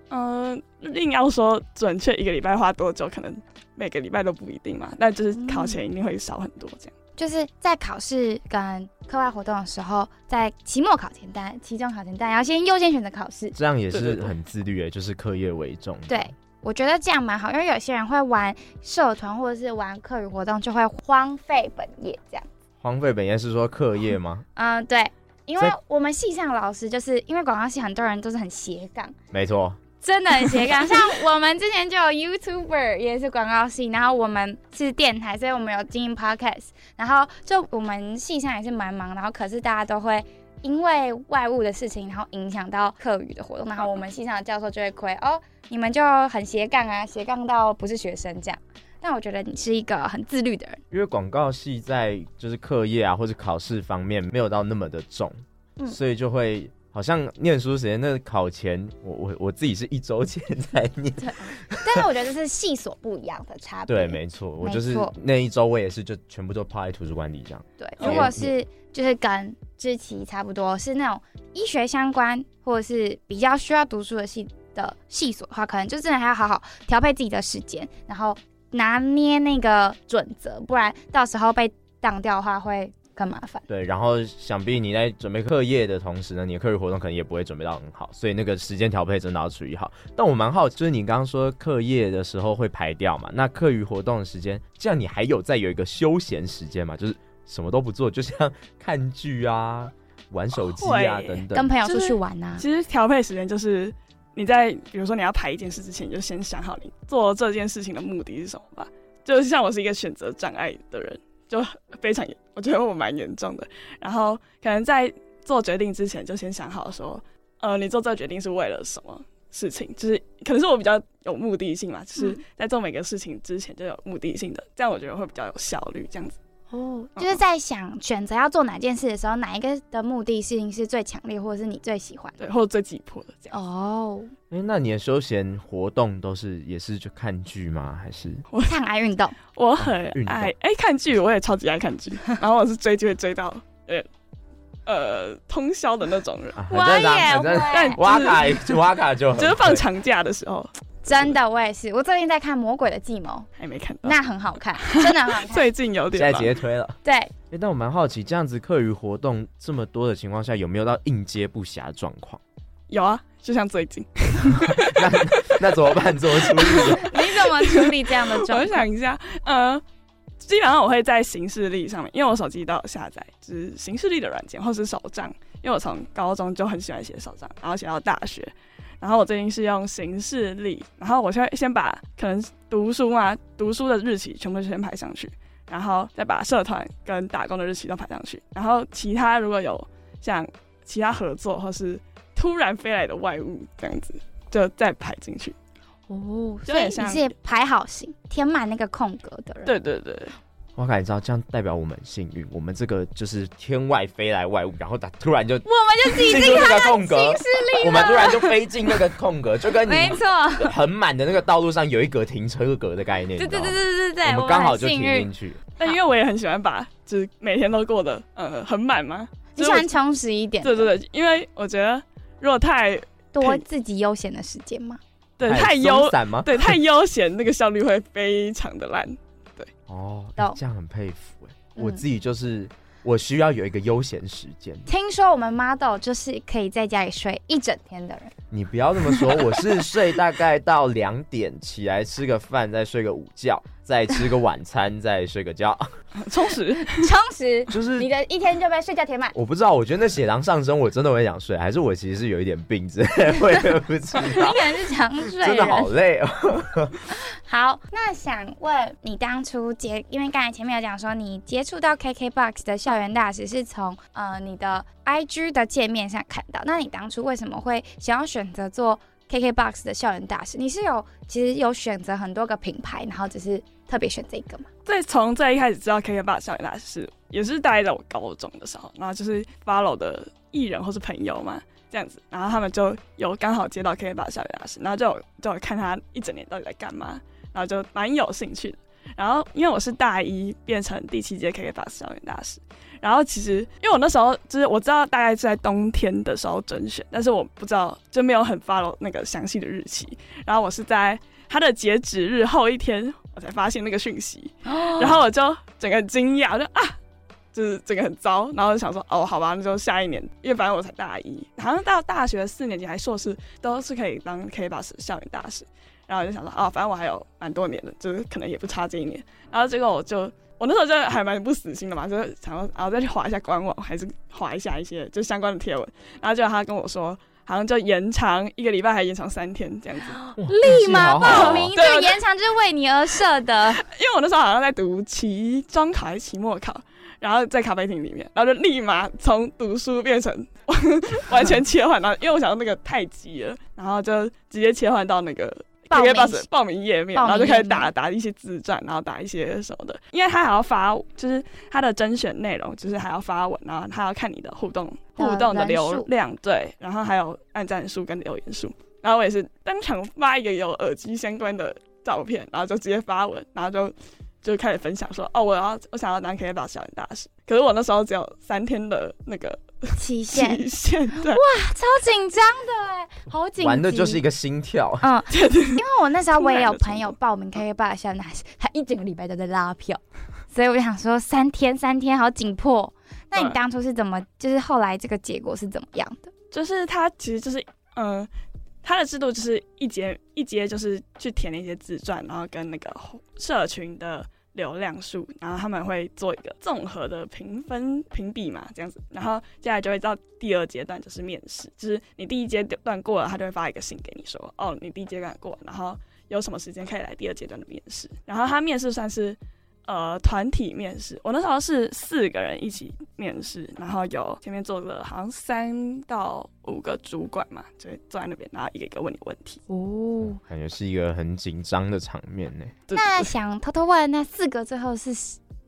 Speaker 3: 嗯，硬要說準確一個禮拜花多久，可能每個禮拜都不一定嘛。那就是考前一定會少很多，這樣、
Speaker 1: 嗯、就是在考試跟課外活動的時候，在期末考前單、期中考前單，然後先優先選擇考試。這樣也是
Speaker 2: 很自律的。對對對，就是課業為重。
Speaker 1: 對我覺得這樣蠻好，因為有些人會玩社團或者是玩課餘活動，就會荒廢本業這樣。
Speaker 2: 荒廢本業是說課業嗎、
Speaker 1: 哦？嗯，對，因為我們系上老師就是因為廣告系很多人都是很斜槓，沒錯。真的很斜槓， 像我們之前就有 YouTuber，也是廣告系，然後我們是電台，所以我們有經營 Podcast，然後就我們系上也是蠻忙，然後可是大家都會因為外務的事情，然後影響到課餘的活動，然後我們系上的教授就會虧 哦，你們就很斜槓啊，斜槓到不是學生這樣。但我覺得你是一個很自律的
Speaker 2: 人，因為廣告系在就是課業啊或者考試方面沒有到那麼的重，嗯、所以就會。好像念書時間，那個、考前我我我自己是一周前才念 對，但是
Speaker 1: 我覺得這是系所不一樣的差別。對，沒錯，沒錯我就是
Speaker 2: 那一周，我也是就全部都泡在圖書館裡這樣。對，如果是
Speaker 1: 就是跟之齊差不多，呃、是那種醫學相關或者是比較需要讀書的系的系所的話，可能就真的還要好好調配自己的時間，然後拿捏那個準則，不然到時候被當掉的話會。更麻煩？對，
Speaker 2: 然後想必你在準備課業的同時呢，你的課餘活動可能也不會準備到很好，所以那個時間調配真的要處理好。但我蠻好奇，就是你剛剛說課業的時候會排掉嘛？那課餘活動的時間，這樣你還有再有一個休閒時間嘛？就是什麼都不做，就像看劇啊、玩手機啊會等等，跟朋友出去
Speaker 3: 玩啊。其實調配時間就是你在，比如說你要排一件事之前，你就先想好你做這件事情的目的是什麼吧。就像我是一個選擇障礙的人。就非常嚴，我覺得我蠻嚴重的。然後可能在做決定之前，就先想好說，呃，你做這個決定是為了什麼事情？就是可能是我比較有目的性嘛，就是在做每個事情之前就有目的性的，嗯、這樣我覺得會比較有效率，這樣子。
Speaker 1: 哦，oh, 就是在想選擇要做哪件事的時候，嗯、哪一個的目的性是最強烈，或者是你最
Speaker 3: 喜歡對，或者最急迫的這樣。
Speaker 2: 哦，哎，那你的休閒活動都是也是就看劇嗎？還是
Speaker 3: 我，超愛動，我很愛運、啊、動，我很愛哎，看劇我也超級愛看劇， 然後我是追劇追到、欸、
Speaker 2: 呃呃通宵的那種人。我也，
Speaker 1: 但、就是哇卡哇，哇卡就就是放長假的時候。真的，我也是。我最近在看《魔鬼的計謀》，還沒看到。那很好看，真的很好
Speaker 3: 看。 最近有
Speaker 2: 點，在接推了。
Speaker 3: 對。
Speaker 2: 哎、欸，但我蠻好奇，這樣子課餘活動這麼多的情況下，有沒有到應接不暇的狀況？
Speaker 3: 有啊，就像最近。
Speaker 2: 那那，那怎麼辦？最近、啊、
Speaker 3: 你怎麼處理這樣的狀況？ 我想一下，呃，基本上我會在行事曆上面，因為我手機都有下載，就是行事曆的軟件，或是手賬。因為我從高中就很喜歡寫手賬，然後寫到大學，然後我最近是用行事曆，然後我先先把可能讀書啊，讀書的日期全部先排上去，然後再把社團跟打工的日期都排上去，然後其他如果有像其他合作或是突然飛來的外物這樣子，就再排進去。就像哦，所以你
Speaker 1: 是排好型，填滿那個空格的人。
Speaker 2: 對對對。我感覺你知道這樣代表我們幸運，我們這個就是天外飛來外物，然後它突然就我們就擠進那個空格，我們突然就飛進那個空格，就跟你沒錯很滿的那個道路上有一格停車格的概念，對，沒錯，
Speaker 3: 對對對對對，我們剛好就停進去。但因為我也很喜歡把，就是每天都過得呃很滿嗎？就是、你喜歡充實一點？對對對，因為我覺得如果太多自己悠閒的時間嘛，對，太悠散嗎？對太悠閒，那個效率會非常的爛。
Speaker 2: 哦，這樣很佩服誒、欸，嗯、我自己就是，我需要有一個悠閒時間。
Speaker 1: 聽說我們馬斗就是可以在家裡睡一整天的人。
Speaker 2: 你不要這麼說，我是睡大概到兩點， 起來吃個飯，再睡個午覺，再吃個晚餐， 再睡個覺，
Speaker 1: 充實，充實，就是你的一天就被睡覺填滿。我
Speaker 2: 不知道，我覺得那血糖上升，我真的會想睡，還是我其實是有一點病，真的， 不知道。 你可能是
Speaker 1: 想睡，真的好累哦。好，那想問你當初接，因為剛才前面有講說你接觸到 KKBOX 的校園大使是從呃你的 IG 的界面上看到，那你當初為什麼會想要選？選擇做 KKBOX 的校園大使，你是有其實有選擇很多個品牌，然後只是特別選這個嗎？
Speaker 3: 對，從最一開始知道 KKBOX 校園大使，也是大概在我高中的時候，然後就是 follow 的藝人或是朋友嘛，這樣子，然後他們就有剛好接到 KKBOX 校園大使，然後就就看他一整年到底在幹嘛，然後就蠻有興趣的。然後，因為我是大一變成第七屆 kkbox 校園大使，然後其實因為我那時候就是我知道大概是在冬天的時候甄選，但是我不知道，就沒有很 follow 那個詳細的日期。然後我是在他的截止日後一天，我才發現那個訊息，然後我就整個很驚訝，就啊，就是整個很糟，然後我就想說哦，好吧，那就下一年，因為反正我才大一，好像到大學四年級還碩士都是可以當 kkbox 校園大使。然後我就想說，啊，反正我還有蠻多年的，就是可能也不差這一年。然後結果我就，我那時候就還蠻不死心的嘛，就想然後、啊、再去滑一下官網，還是滑一下一些就相關的貼文。然後結果他跟我說，好像就延長一個禮拜，還延長三天這樣子。好好好，立馬報名，就對延長就是為你而設的。因為我那時候好像在讀期中考還是期末考，然後在咖啡廳裡面，然後就立馬從讀書變成完全切換到，因為我想到那個太急了，然後就直接切換到那個。報報名頁面，面，然後就開始打打一些自傳，然後打一些什麼的，因為他還要發，就是他的甄選內容，就是還要發文，然後他要看你的互動互動的流量，對，然後還有按讚數跟留言數，然後我也是當場發一個有耳機相關的照片，然後就直接發文，然後就就開始分享說，哦，我要我想要當 KKBOX 校園大使，可是我那時候只有三天的那個。期限，
Speaker 1: 期限哇，超緊張的哎，好緊。玩的就
Speaker 2: 是一個心跳，啊、
Speaker 3: 嗯， 因為我那時候我也有朋
Speaker 1: 友報名，可以報一下，那他一整個禮拜都在拉票，所以我就想說三天，三天好緊迫。那你當初是怎麼？對就是後來這個結果是怎麼樣的？
Speaker 3: 就是他其實就是嗯、呃，他的制度就是一節一節就是去填那些自傳，然後跟那個社群的。流量數，然後他們會做一個綜合的評分評比嘛，這樣子，然後接下來就會到第二階段，就是面試，就是你第一階段過了，他就會發一個信給你說，哦，你第一階段過了，然後有什麼時間可以來第二階段的面試，然後他面試算是。呃，團體面試，我那時候是四個人一起面試，然後有前面坐著好像三到五個主管嘛，就坐在那邊，然後一個一個問你問題。哦，嗯、
Speaker 2: 感覺是一個很緊張的場面呢。對對
Speaker 1: 對，那想偷偷問，那四個最後是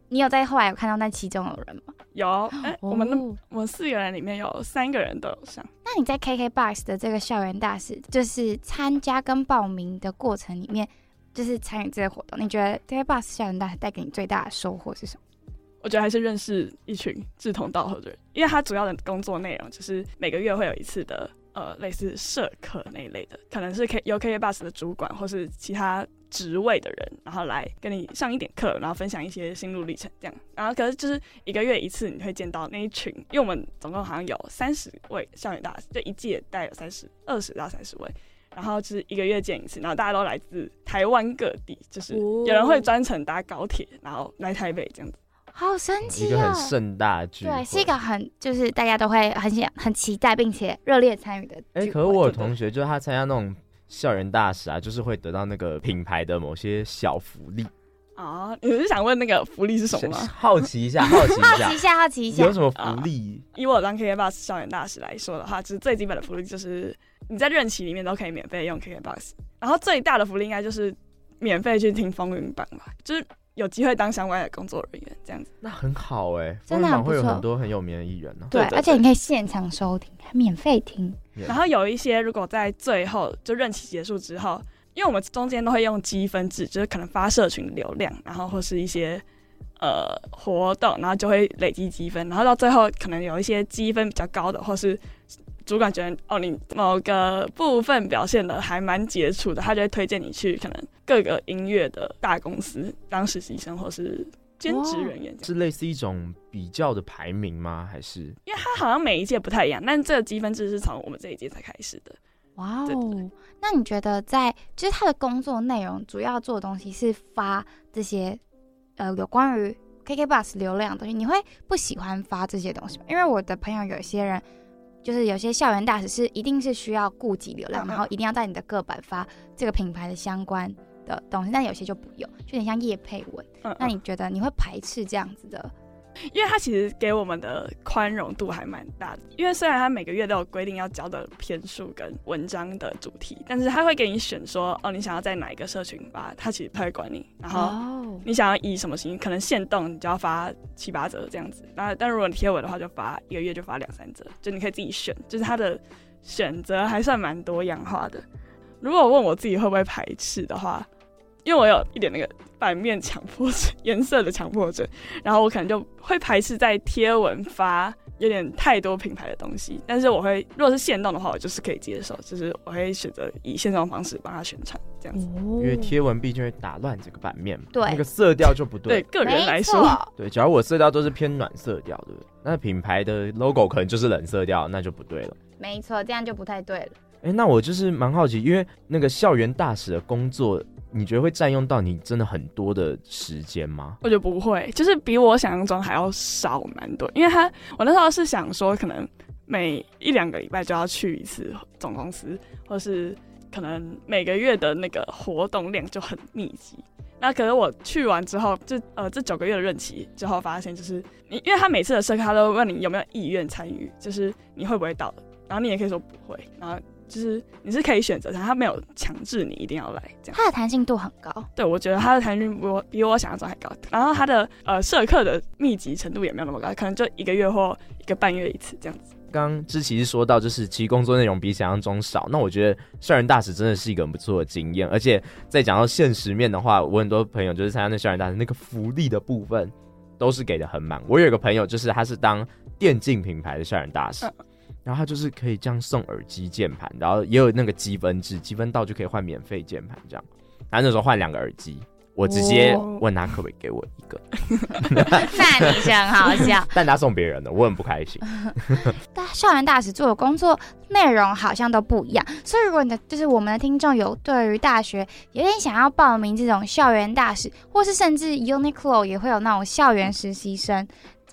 Speaker 1: 你有在後來有看到那其
Speaker 3: 中有人嗎？有、欸，我們、哦、我們四個人裡面有三個人都有上。
Speaker 1: 那你在 KK Box 的這個校園大使，就是參加跟報名的過程裡面。就是參與這些活動，你覺得 KKBOX 校園大使帶給你最大的收穫是什麼？
Speaker 3: 我覺得還是認識一群志同道合的人，因為它主要的工作內容就是每個月會有一次的，呃，類似社課那一類的，可能是 K、有 KKBOX 的主管或是其他職位的人，然後來跟你上一點課，然後分享一些心路歷程這樣。然後可是就是一個月一次，你會見到那一群，因為我們總共好像有三十位校園大使，就一屆大概有三十二十到三十位。然後就是一個月見一次，然後大家都來自台灣各地，就是有人會專程搭高鐵，然後來台北這樣子，
Speaker 1: 好神奇啊！一個很盛
Speaker 2: 大聚會，對，是
Speaker 1: 一個很就是大家都會很想很期待並且熱烈參
Speaker 3: 與的。
Speaker 2: 哎，可是我有同學就他參加那種校園大使啊，就是會得到那個品牌的某些小福利
Speaker 3: 哦。你是想問那個福利是什麼嗎？好奇一下，好奇一下， 好奇一下，好奇一下有什麼福利？哦，以我當 kkbox 校園大使來說的話，就是最基本的福利就是。你在任期裡面都可以免費用 KKBOX，然後最大的福利應該就是免費去聽風雲榜吧，就是有機會當相關的工作人員這樣子。
Speaker 2: 那很好哎、欸，風雲榜會有很多很有名的藝人呢？對，對，對，而且你
Speaker 1: 可以現場收聽，還免費聽。
Speaker 2: 然
Speaker 3: 後有一些如果在最後就任期結束之後，因為我們中間都會用積分制，就是可能發社群流量，然後或是一些呃活動，然後就會累積積分，然後到最後可能有一些積分比較高的或是。主管覺得哦，你某個部分表現的還蠻傑出的，他就會推薦你去可能各個
Speaker 2: 音樂的大公司當實習生或是兼職人員這，是類似一種比較的排名嗎？還是？因
Speaker 3: 為他好像每一屆不太一樣，但這個積分制是從我們這一屆才開始的。哇哦 Wow.！
Speaker 1: 那你覺得在其、就是他的工作內容主要做的東西是發這些呃有關於 KKBOX 流量的東西，你會不喜歡發這些東西嗎？因為我的朋友有些人。就是有些校園大使是一定是需要顧及流量，然後一定要在你的個版發這個品牌的相關的東西，但有些就不用，就有點像業配文。那你覺得你會排斥這樣子的？
Speaker 3: 因為他其實給我們的寬容度還蠻大的，因為雖然他每個月都有規定要交的篇數跟文章的主題，但是他會給你選說，哦，你想要在哪一個社群發，他其實他會管你。然後你想要以什麼形式，可能限動你就要發七八則這樣子，那但如果你貼文的話，就發一個月就發兩三則，就你可以自己選，就是他的選擇還算蠻多樣化的。如果我問我自己會不會排斥的話，因為我有一點那個。版面強迫症，顏色的強迫症，然後我可能就會排斥在貼文發有點太多品牌的東西，但是我會，如果是限動的話，我就是可以接受，就是我會選擇以限動的方式幫他宣傳這樣子，
Speaker 2: 因為貼文畢竟會打亂整個版面嘛，對，那個色調就不對。對，個人來說，沒錯。對，只要我色調都是偏暖色調的，那品牌的 logo 可能就是冷色調，那就不對了，
Speaker 1: 沒錯，這樣就
Speaker 3: 不太對了。
Speaker 2: 哎、欸，那我就是蠻好奇，因為那個校園大使的工作，你覺得會占用到你真的很多的時間嗎？
Speaker 3: 我覺得不會，就是比我想象中還要少蠻多。因為他，我那時候是想說，可能每一兩個禮拜就要去一次總公司，或是可能每個月的那個活動量就很密集。那可是我去完之後，就呃這呃這九個月的任期之後，發現就是你，因為他每次的社課都問你有沒有意願參與，就是你會不會到，然後你也可以說不會，然後。就是你是可以選擇，他沒有強制你一定要來，這樣它，的
Speaker 1: 彈性度很
Speaker 3: 高。對，我覺得它的彈性我比我想象中還高。然後它的、嗯、呃，社課的密集程度也沒有那麼高，可能就一個月或一個半月一次這樣子。
Speaker 2: 剛剛之齊說到，就是其實工作內容比想象中少。那我覺得校園大使真的是一個很不錯的經驗，而且再講到現實面的話，我很多朋友就是參加那校園大使，那個福利的部分都是給的很滿。我有一個朋友就是他是當電競品牌的校園大使。嗯然後他就是可以這樣送耳機、鍵盤，然後也有那個積分制，積分到就可以換免費鍵盤這樣。然後那時候換兩個耳機，我直接問他可不可以給我一個。我 那你是很好笑， 但他送別人的，我很不開心。
Speaker 1: 但校園大使做的工作內容好像都不一樣，所以如果你的，就是我們的聽眾有對於大學有點想要報名這種校園大使，或是甚至 Uniqlo 也會有那種校園實習生、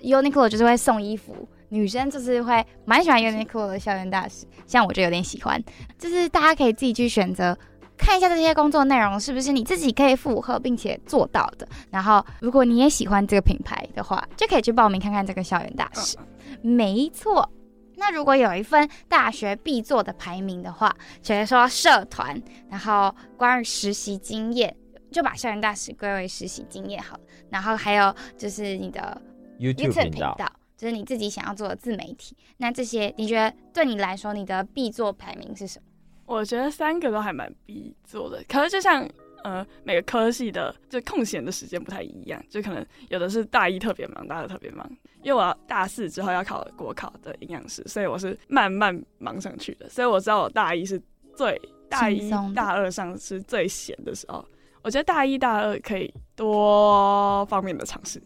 Speaker 1: 嗯、，Uniqlo 就是會送衣服。女生就是會蠻喜歡有點酷、cool、的校園大使，像我就有點喜歡。就是大家可以自己去選擇，看一下這些工作內容是不是你自己可以符合並且做到的。然後，如果你也喜歡這個品牌的話，就可以去報名看看這個校園大使。嗯、沒錯。那如果有一份大學必做的排名的話，比如說社團，然後關於實習經驗，就把校園大使歸為實習經驗好。然後還有就是你的
Speaker 2: YouTube 頻
Speaker 1: 道。就是你自己想要做的自媒體，那這些你覺得對你來說，你的必做
Speaker 3: 排名是什麼？我覺得三個都還蠻必做的，可是就像呃每個科系的，就空閒的時間不太一樣，就可能有的是大一特別忙，大二特別忙，因為我要大四之後要考國考的營養師，所以我是慢慢忙上去的，所以我知道我大一是最，大一、大二上是最閒的時候，我覺得大一、大二可以多方面的嘗試。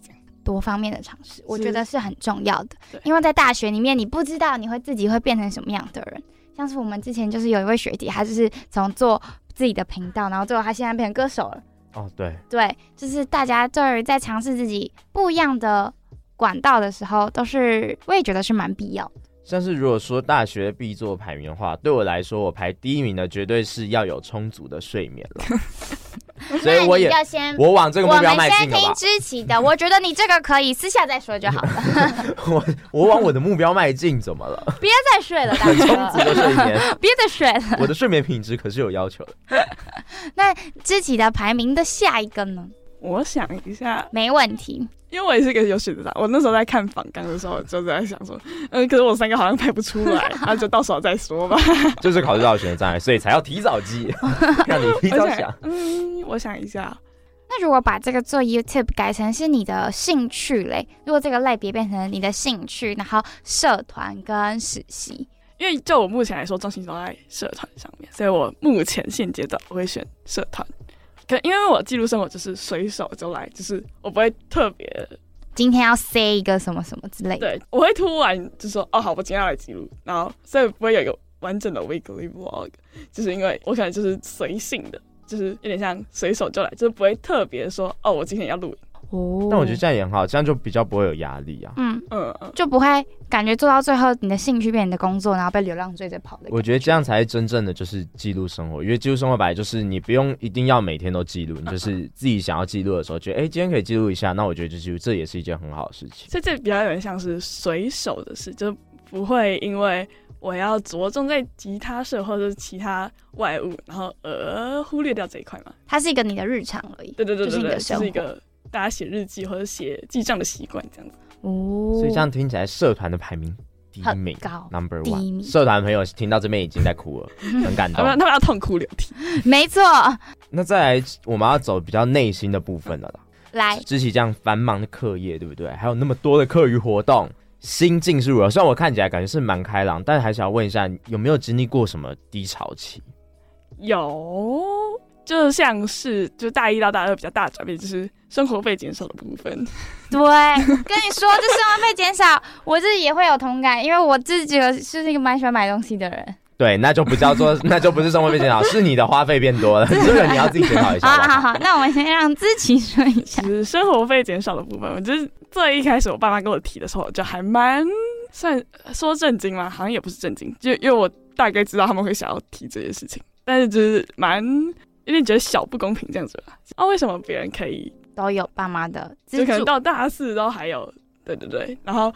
Speaker 1: 多方面的嘗試，我覺得是很重要的。因為在大學裡面，你不知道你會自己會變成什麼樣的人。像是我們之前就是有一位學弟，他就是從做自己的頻道，然後最後他現在變成歌手了。
Speaker 2: 哦，oh, 對。
Speaker 1: 對，就是大家對在嘗試自己不一樣的管道的時候，都是我也覺得是蠻必要的。
Speaker 2: 但是如果說大學必做排名的話，對我來說，我排第一名的絕對是要有充足的睡眠了。 所以我也，先我往這個目標邁進，我們先聽之
Speaker 1: 齊的，我覺得你這個可以 私下再說就好了。
Speaker 2: 我我往我的目標邁進，怎麼了？
Speaker 1: 別 再睡了大哥，大 充足的睡眠。別 再睡了， 我的
Speaker 2: 睡眠品質可是有要求的。
Speaker 1: 那之齊的排名
Speaker 3: 的下一個呢？我想一下，沒問題，因為我也是個有選擇的。我那時候在看訪綱的時候，就在想說， 嗯，可是我三個好像排不出來，那 就到時候再說吧。
Speaker 2: 就是考慮到選擇障礙，所以才要提早記， 讓你提早
Speaker 3: 想、想。嗯，我想一
Speaker 1: 下。那如果把這個做 YouTube 改成是你的興趣類，如果這個類別變成你的興趣，然後社團跟實習，因為就我目前來說，重心
Speaker 3: 都在社團上面，所以我目前現階段我會選社團。可因為我記錄生活就是隨手就來，就是我不會特別今天要塞一個什
Speaker 1: 麼什麼之類的，對，
Speaker 3: 我會突然就說哦、喔、好，我今天要來記錄，然後所以不會有一個完整的 weekly vlog，就是因為我可能就是隨性的，就是有點像隨手就來，就是不會特別說哦、喔、我今天要錄。
Speaker 2: 哦，但我覺得這樣也很好，這樣就比較不會有壓力啊。嗯
Speaker 1: 嗯，就不會感覺做到最後你的興趣變成你的工作，然後被流浪追着跑
Speaker 2: 了。我覺得這樣才是真正的就是記錄生活，因為記錄生活本來就是你不用一定要每天都記錄，你就是自己想要記錄的時候，覺得哎、嗯嗯欸、今天可以記錄一下，那我覺得就記錄，這也是一件很好的事情。
Speaker 3: 所以這比較有點像是隨手的事，就不會因為我要着重在吉他社或者其他外物，然後呃忽略掉這一塊嘛。它是一個你的日常而已，對對對對對，就是你的生活，是一個。大家寫日記或者寫記賬的習慣，這樣子
Speaker 2: 哦。所以這樣聽起來，社團的排名，美很高，Number One。No. 1。社團朋友聽到這邊已經在哭了，很感動， 他們要
Speaker 1: 痛哭流涕，沒錯。
Speaker 2: 那再來，我們要走比較內心的部分了啦、嗯。來，之齊這樣繁忙的課業，對不對？還有那麼多的課餘活動，心境是如何？雖然我看起來感覺是蠻開朗，但還是要問一下，有沒有經歷過什麼低潮期？
Speaker 3: 有。就像是，就大一到大二比較大轉變，就是生活費減少的部分。對，跟你說，這生活
Speaker 1: 費減少， 我自己也會有同感，因為我自己是一個蠻喜歡買東西的人。
Speaker 2: 對，那就不叫做，那就不是生活費減少， 是你的花費變多了，這個的 你要自己思考一下好好。 好，好
Speaker 3: 好好，那我們先讓之齊說一下。就是生活費減少的部分，我覺得最一開始我爸媽跟我提的時候，就還蠻算說震驚嘛，好像也不是震驚，就因為我大概知道他們會想要提這件事情，但是就是蠻。有點覺得小不公平這樣子吧？哦、啊，為什麼別人可以都有爸媽的，就可能到大四都還有，對對對，然後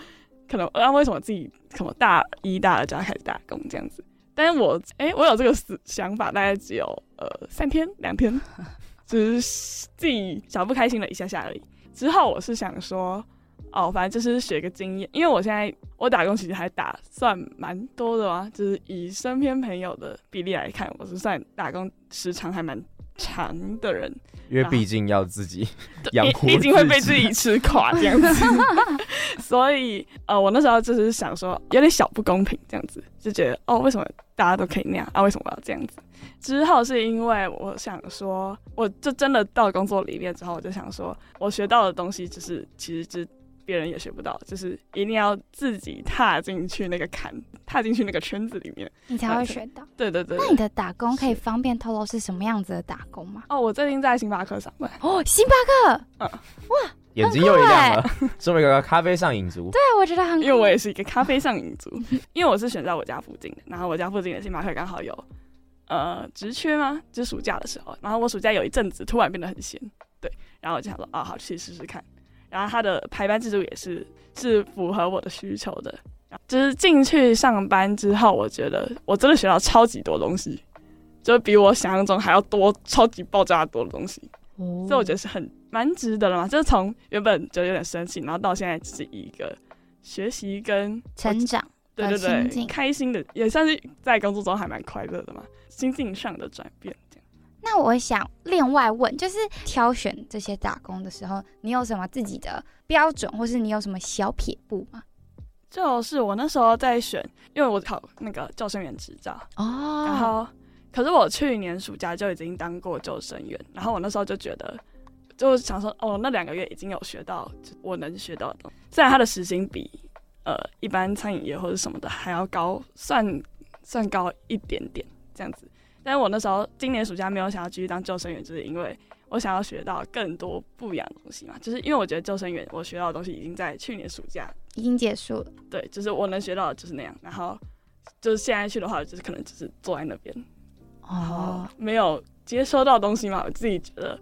Speaker 3: 可能，然後、啊、為什麼自己可能大一、大二就要開始打工這樣子？但是我哎、欸，我有這個思想法，大概只有呃三天、兩天，只 是自己小不開心了一下下而已。之後我是想說。哦，反正就是學個經驗，因為我現在我打工其實還打算蠻多的啊。就是以身邊朋友的比例來看，我是算打工時長還蠻長的人。因為畢
Speaker 2: 竟要自己養，畢竟會被自己吃
Speaker 3: 垮這樣子。 所以呃，我那時候就是想說有點小不公平這樣子，就覺得哦，為什麼大家都可以那樣啊？為什麼我要這樣子？之後是因為我想說，我就真的到了工作裡面之後，我就想說我學到的東西就是其實只、就是。別人也學不到，就是一定要自己踏進去那個坎，踏進去那個圈子裡面，你才會學到。嗯、對對
Speaker 1: 對。那你的打工可以方便透露是什麼樣子的打工嗎？哦，我最近在星巴克
Speaker 2: 上
Speaker 3: 班。哦，星巴克。啊、
Speaker 2: 哇。眼睛又一亮了，這麼一個咖啡上癮族。對，
Speaker 3: 我覺得很好。因為我也是一個咖啡上癮族， 因為我是選在我家附近的，然後我家附近的星巴克剛好有，呃，職缺嗎？就是暑假的時候，然後我暑假有一陣子突然變得很閒，對，然後我就想說，哦，好，去試試看。然後他的排班制度也是是符合我的需求的，就是進去上班之後，我覺得我真的學到超級多東西，就比我想象中還要多，超級爆炸多的東西。哦，這我覺得是很蠻值得的嘛，就是從原本就有點生氣，然後到現在只是一個學習跟成長，對對對，開心的也算是在工作中還蠻快樂的嘛，心境上的轉變。
Speaker 1: 那我想另外問，就是挑選這些打工的時候，你有什麼自己的標準，或是你有什麼小撇步嗎？
Speaker 3: 就是我那時候在選，因為我考那個救生員執照哦，oh. 然後可是我去年暑假就已經當過救生員，然後我那時候就覺得，就想說哦，那兩個月已經有學到，我能學到的，雖然它的時薪比呃一般餐飲業或者什麼的還要高，算算高一點點這樣子。但我那時候今年暑假沒有想要繼續當救生員，就是因為我想要學到更多不一樣的東西嘛。就是因為我覺得救生員我學到的東西已經在去年暑假
Speaker 1: 已經結束了。
Speaker 3: 對，就是我能學到的就是那樣。然後就是現在去的話，就是可能就是坐在那邊。哦，沒有接收到東西嘛？我自己覺得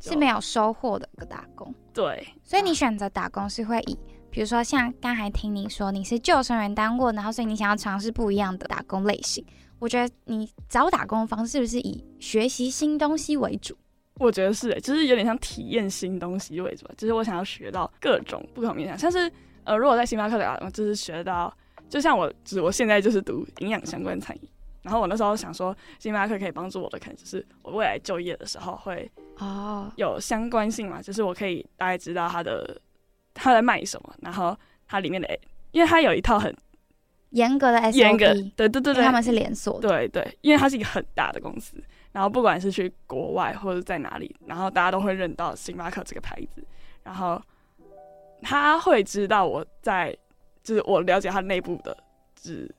Speaker 3: 是沒
Speaker 1: 有收穫的一個
Speaker 3: 打工。對，
Speaker 1: 所以你選擇打工是會以，比如說像剛才聽你說你是救生員當過，然後所以你想要嘗試不一樣的打工類型。我覺得你找打工的方式是不是以學習新東西為
Speaker 3: 主？我覺得是、欸，就是有點像體驗新東西為主。就是我想要學到各種不同面向，像是呃，如果在星巴克的啊，就是學到，就像我，只、就是、我現在就是讀營養相關產業，嗯、然後我那時候想說，星巴克可以幫助我的，可能就是我未來就業的時候會哦有相關性嘛，哦、就是我可以大概知道它的它在賣什麼，然後它裡面的，因為它有一套很。
Speaker 1: 嚴格的 SOP，嚴格對對對，對他們是連鎖，
Speaker 3: 對對，因為它是一個很大的公司，然後不管是去國外或者在哪裡，然後大家都會認到星巴克這個牌子，然後他會知道我在，就是我了解他內部的指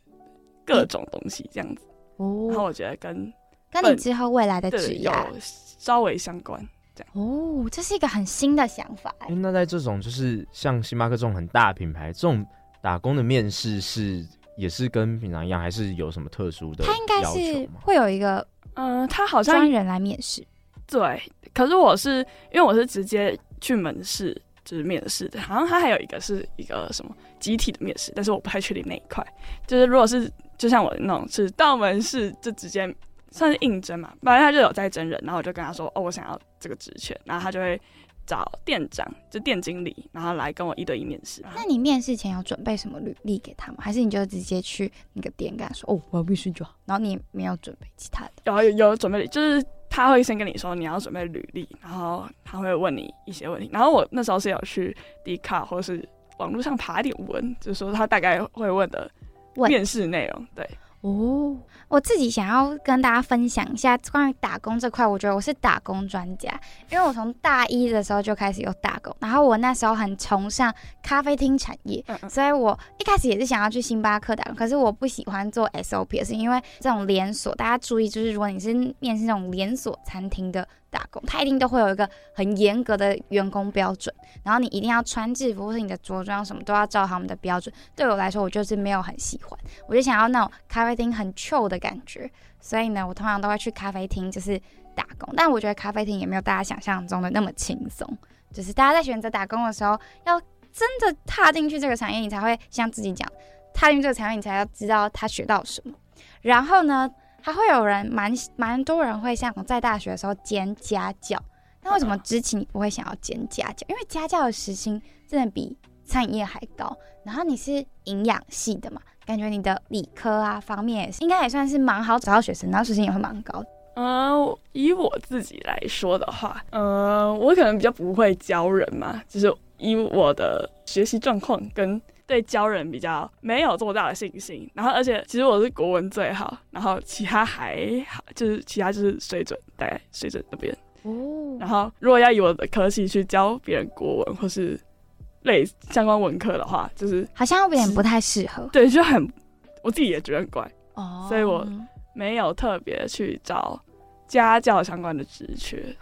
Speaker 3: 各種東西這樣子哦，嗯、然後我覺得跟、哦、本跟你之後未來的職業，有，稍微相關，這樣哦，這是一個很新的想法，
Speaker 2: 欸。那在這種就是像星巴克這種很大的品牌，這種打工的面試是？也是跟平常一樣，還是有什麼特殊的？他應該是
Speaker 1: 會有一個，嗯、呃，他好像專人來面試。
Speaker 3: 對，可是我是因為我是直接去門市就是面試的，好像他還有一個是一個什麼集體的面試，但是我不太確定那一塊。就是如果是就像我那種是到門市就直接算是應徵嘛，反正他就有在徵人，然後我就跟他說哦，我想要這個職權，然後他就會。找店長，就店經理，然後來跟我一對一面試。那你
Speaker 1: 面試前有準備什麼履歷給他嗎？還是你就直接去那個店跟他說，哦，我不需要信好。然後你沒有準備其他的。
Speaker 3: 然後有，有準備，就是他會先跟你說你要準備履歷，然後他會問你一些問題。然後我那時候是有去 D 卡或是網絡上爬點文，就是說他大概會問的面試內容，問對。哦，oh.
Speaker 1: 我自己想要跟大家分享一下關於打工這塊，我覺得我是打工專家，因為我從大一的時候就開始有打工，然後我那時候很崇尚咖啡廳產業，所以我一開始也是想要去星巴克打工，可是我不喜歡做 SOP，是因為這種連鎖，大家注意，就是如果你是面試那種連鎖餐廳的，打工，他一定都會有一個很嚴格的員工標準，然後你一定要穿制服，或是你的着裝什麼都要照他們的標準。對我來說，我就是沒有很喜歡，我就想要那種咖啡廳很 chill 的感覺。所以呢，我通常都會去咖啡廳就是打工，但我覺得咖啡廳也沒有大家想象中的那麼輕鬆。就是大家在選擇打工的時候，要真的踏進去這個產業，你才會像自己講，踏進去這個產業，你才要知道他學到什麼。然後呢？還會有人蠻蠻多人會像我在大學的時候兼家教，那為什麼之齊你不會想要兼家教？因為家教的時薪真的比餐飲業還高。然後你是營養系的嘛，感覺你的理科啊方面也是應該也算是蠻好找到學生，然後時薪也會蠻高
Speaker 3: 的。嗯、呃，以我自己來說的話，呃，我可能比較不會教人嘛，就是以我的學習狀況跟。對，教人比較沒有這麼大的信心，然後而且其實我是國文最好，然後其他還好，就是其他就是水準大概水準那邊。哦。然後如果要以我的科系去教別人國文或是類相關文科的話，就是好像有
Speaker 1: 點不太適合。對，就
Speaker 3: 很我自己也覺得很怪，哦，所以我沒有特別去找家教相關的職缺。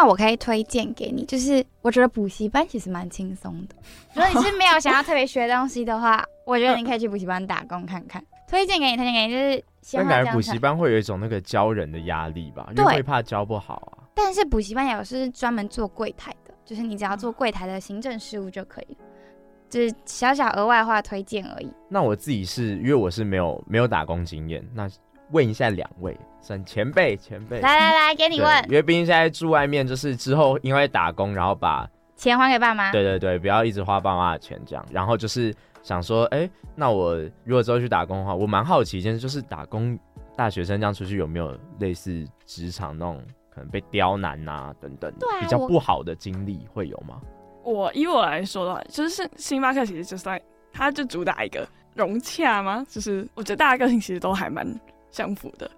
Speaker 1: 那我可以推薦給你，就是我覺得補習班其實蠻輕鬆的。 如果你是沒有想要特別學東西的話， 我覺得你可以去補習班打工看看。呃、推薦給你，推薦給你，就是那感覺補習班
Speaker 2: 會有一種那個教人的壓力吧？你對會怕教不好啊。
Speaker 1: 但是補習班也有是專門做櫃檯的，就是你只要做櫃檯的行政事務就可以了，就是小小額外的話推薦而已。
Speaker 2: 那我自己是因為我是沒有沒有打工經驗，那問一下兩位。算前輩，前輩，來來來，給你問。因為畢竟現在住外面，就是之後因為打工，然後把
Speaker 1: 錢還給爸媽。對
Speaker 2: 對對，不要一直花爸媽的錢這樣。然後就是想說，哎、欸，那我如果之後去打工的話，我蠻好奇，就是打工大學生這樣出去有沒有類似職場那種可能被刁難啊等等，對啊、比較不好的經歷會有嗎？
Speaker 3: 我，我以我來說的話，就是星巴克其實就算，他就主打一個融洽嘛，就是我覺得大家個性其實都還蠻相符的。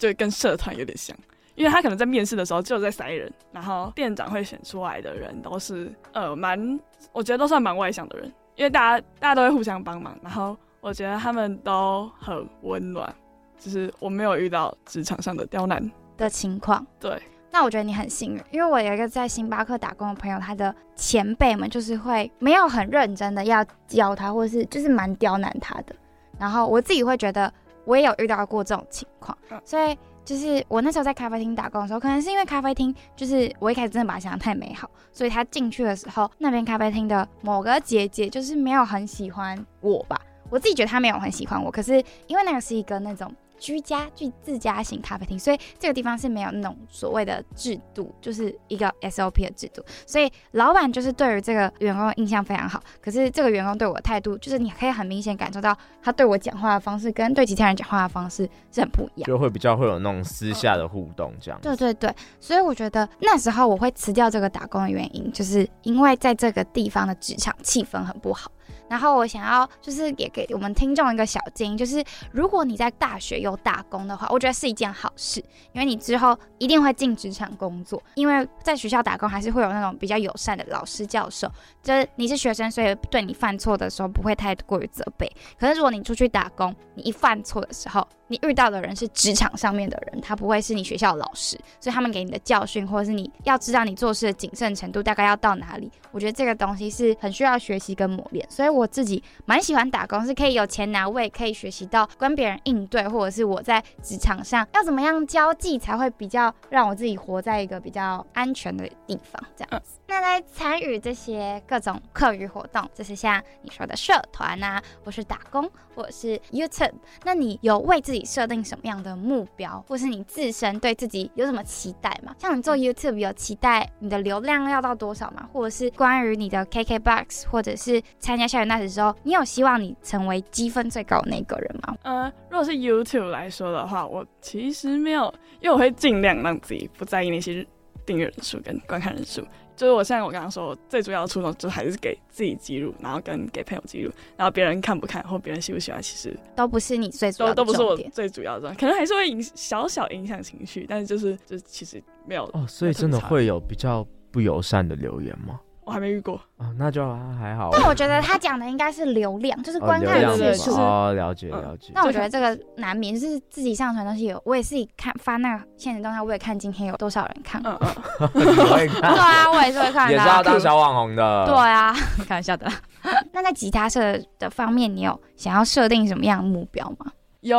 Speaker 3: 就跟社團有點像，因為他可能在面試的時候就在篩人，然後店長會選出來的人都是，呃，蠻，我覺得都算蠻外向的人，因為大家大家都會互相幫忙，然後我覺得他們都很溫暖，就是我沒有遇到職場上的刁難
Speaker 1: 的情況。對，那我覺得你很幸運，因為我有一個在星巴克打工的朋友，他的前輩們就是會沒有很認真的要教他，或是就是蠻刁難他的，然後我自己會覺得。我也有遇到過這種情況，所以就是我那時候在咖啡廳打工的時候，可能是因為咖啡廳就是我一開始真的把它想得太美好，所以他進去的時候，那邊咖啡廳的某個姐姐就是沒有很喜歡我吧，我自己覺得她沒有很喜歡我，可是因為那個是一個那種。居家具自家型咖啡廳，所以這個地方是沒有那種所謂的制度，就是一個 SOP 的制度。所以老闆就是對於這個員工的印象非常好，可是這個員工對我的態度，就是你可以很明顯感受到他對我講話的方式跟對其他人講話的方式是很不一樣，就
Speaker 2: 會比較會有那種私下的互動這樣
Speaker 1: 子。哦，對對對，所以我覺得那時候我會辭掉這個打工的原因，就是因為在這個地方的職場氣氛很不好。然後我想要就是也給，給我們聽眾一個小建議，就是如果你在大學有打工的話，我覺得是一件好事，因為你之後一定會進職場工作。因為在學校打工還是會有那種比較友善的老師教授，就是你是學生，所以對你犯錯的時候不會太過於責備。可是如果你出去打工，你一犯錯的時候，你遇到的人是職場上面的人，他不會是你學校的老師，所以他們給你的教訓，或者是你要知道你做事的謹慎程度大概要到哪裡，我覺得這個東西是很需要學習跟磨練。所以我自己蠻喜歡打工，是可以有錢拿，位，可以學習到跟別人應對，或者是我在職場上要怎麼樣交際才會比較讓我自己活在一個比較安全的地方，這樣子。嗯、那來參與這些各種課餘活動，就是像你說的社團啊，或是打工，或是 YouTube，那你有為自己？設定什麼樣的目標，或是你自身對自己有什麼期待嗎？像你做 YouTube 有期待你的流量要到多少嗎？或者是關於你的 KKBox，或者是參加校園大使的時候，你有希望你成為積分最高的那個人嗎？
Speaker 3: 呃，如果是 YouTube 來說的話，我其實沒有，因為我會盡量讓自己不在意那些訂閱人數跟觀看人數。就是我現在我剛剛說最主要的初衷，就還是給自己記錄，然後跟給朋友記錄。然後別人看不看或別人喜不喜歡，其實都不是你最主要都，都不是我最主要的，可能還是會影小小影響情緒，但是就是就其實沒有哦。所以真的會
Speaker 2: 有比較不友善的留言嗎？哦我還沒遇過啊、哦，那就好還好。但我覺得他
Speaker 3: 講的
Speaker 1: 應該是流量，就是觀看次數。哦，了解了解。
Speaker 2: 那我覺得這
Speaker 1: 個難免、就是自己上傳東西有，我也自己看發那個限時動態，我也看今天有多少人看。
Speaker 2: 對啊，我
Speaker 3: 也是會看的。也是要當小
Speaker 2: 網紅的。 對啊，
Speaker 1: 開玩笑的。 那在吉他社的方面，你有想要設定什麼樣的目標嗎？
Speaker 3: 有，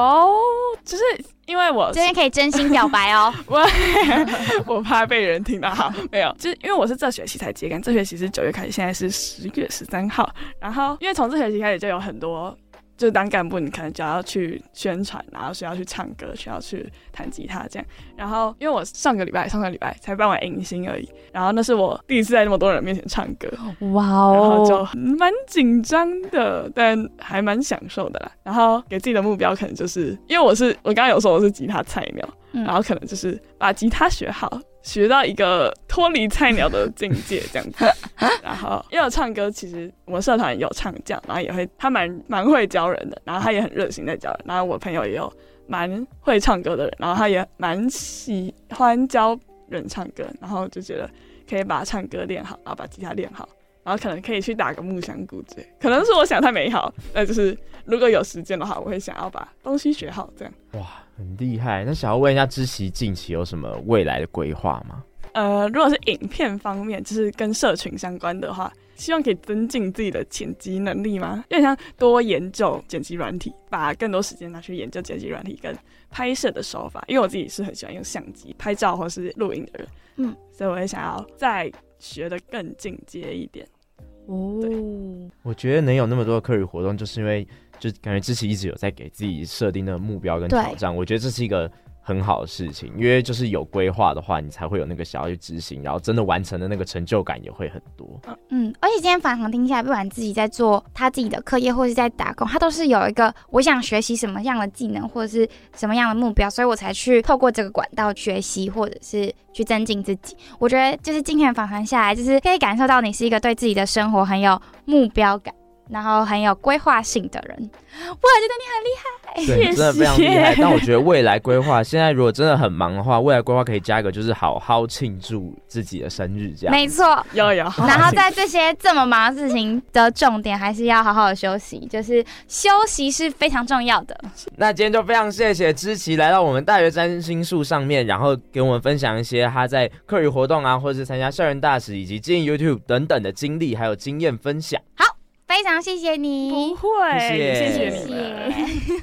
Speaker 3: 就是因為我是今天可以真心表白哦。 我 我怕被人聽到哈， 沒有，就是因為我是這學期才接，跟這學期是九月開始，現在是十月十三號，然後因為從這學期開始就有很多。就是當幹部，你可能就要去宣傳、啊，然後需要去唱歌，需要去彈吉他這樣。然後，因為我上個禮拜，上個禮拜才辦完迎新而已。然後，那是我第一次在那麼多人面前唱歌，哇哦！然後就蠻緊張的，但還蠻享受的啦。然後，給自己的目標可能就是，因為我是我剛剛有說我是吉他菜鳥，嗯、然後可能就是把吉他學好。學到一個脫離菜鳥的境界這樣子，然後因為我唱歌，其實我社團有唱將，然後也會他蠻蠻會教人的，然後他也很熱心在教人。然後我朋友也有蠻會唱歌的人，然後他也蠻喜歡教人唱歌，然後就覺得可以把他唱歌練好，然後把吉他練好，然後可能可以去打個木箱鼓之類。可能是我想太美好，那就是如果有時間的話，我會想要把東西學好這樣。哇！
Speaker 2: 很厲害，那想要問一下之齊近期有什麼未來的規劃嗎？
Speaker 3: 呃，如果是影片方面，就是跟社群相關的話，希望可以增進自己的剪輯能力嗎？有點像多研究剪輯軟體，把更多時間拿去研究剪輯軟體跟拍攝的手法。因為我自己是很喜歡用相機拍照或是錄影的人，嗯，所以我也想要再學得更進階一點。
Speaker 2: 哦，對我覺得能有那麼多課餘活動，就是因為。就感覺之齊一直有在給自己設定那個目標跟挑戰，對我覺得這是一個很好的事情，因為就是有規劃的話，你才會有那個想要去執行，然後真的完成的那個成就感也會很多。
Speaker 1: 嗯，而且今天訪談聽下來，不管自己在做他自己的課業，或是在打工，他都是有一個我想學習什麼樣的技能，或者是什麼樣的目標，所以我才去透過這個管道學習，或者是去增進自己。我覺得就是今天的訪談下來，就是可以感受到你是一個對自己的生活很有目標感。然後很有規劃性的人，我也覺得你很厲
Speaker 2: 害，對，真的非常厲害。謝謝。但我覺得未來規劃，現在如果真的很忙的話，未來規劃可以加一個，就是好好慶祝自己的生日，這樣沒錯，要有。然後在
Speaker 1: 這些這麼忙的事情的重點，還是要好好的休息， 就是休息是非常重要的。
Speaker 2: 那今天就非常謝謝之齊來到我們大學占心術上面，然後給我們分享一些她在課餘活動啊，或者是參加校園大使以及經營 YouTube 等等的經歷還有經驗分享。
Speaker 1: 好。非常謝謝你，不會，謝謝，謝謝你們。今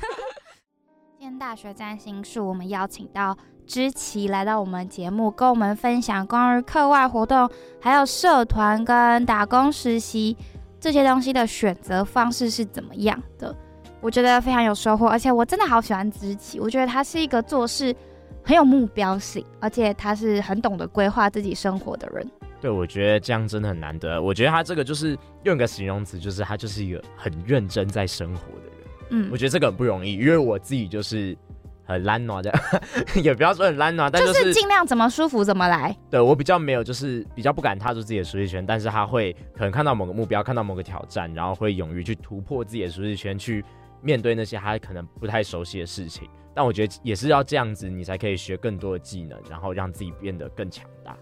Speaker 1: 天大學占心術，我們邀請到之齊來到我們節目，跟我們分享關於課外活動、還有社團跟打工實習這些東西的選擇方式是怎麼樣的。我覺得非常有收穫，而且我真的好喜歡之齊，我覺得他是一個做事很有目標性，而且他是很懂得規劃自己生活的
Speaker 2: 人。對，我覺得這樣真的很難得。我覺得他這個就是用一個形容詞，就是他就是一個很認真在生活的人。嗯，我覺得這個很不容易，因為我自己就是很懶惰的，呵呵，也不要說很懶惰，但就是盡
Speaker 1: 量怎麼舒服怎麼來。
Speaker 2: 對，我比較沒有，就是比較不敢踏出自己的舒適圈。但是他會可能看到某個目標，看到某個挑戰，然後會勇於去突破自己的舒適圈，去面對那些他可能不太熟悉的事情。但我覺得也是要這樣子，你才可以學更多的技能，然後讓自己變得更強大。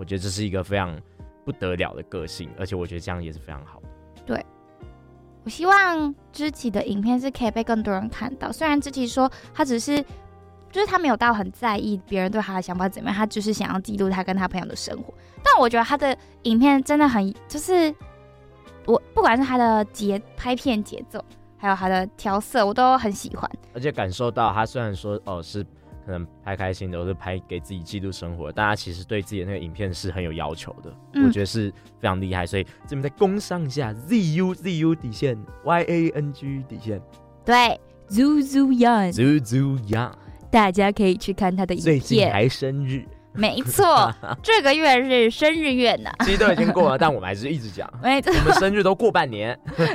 Speaker 2: 我覺得這是一個非常不得了的個性，而且我覺得這樣也是非常好的。
Speaker 1: 對，我希望之齊的影片，是可以被更多人看到。雖然之齊說他只是，就是他沒有到很在意別人對他的想法怎麼樣，他只是想要記錄他跟他朋友的生活。但我覺得他的影片真的很，就是我不管是他的節拍片節奏，還有他的調色，我都很喜歡，
Speaker 2: 而且感受到他雖然說哦是。可能拍開心的都是拍給自己記錄生活，大家其實對自己的那個影片是很有要求的，嗯、我覺得是非常厲害。所以這邊再工商一下，ZUZU 底線，YANG 底線，Y A N G、底線
Speaker 1: 對，ZUZU
Speaker 2: Yang，ZUZU Yang，
Speaker 1: 大家可以去看他的影片。最近
Speaker 2: 還生日，
Speaker 1: 沒錯，
Speaker 2: 這個月是
Speaker 1: 生日月呢。
Speaker 2: 其實都已經過了， 但我們還是一直講，錯我們生日都過半年。
Speaker 1: 對。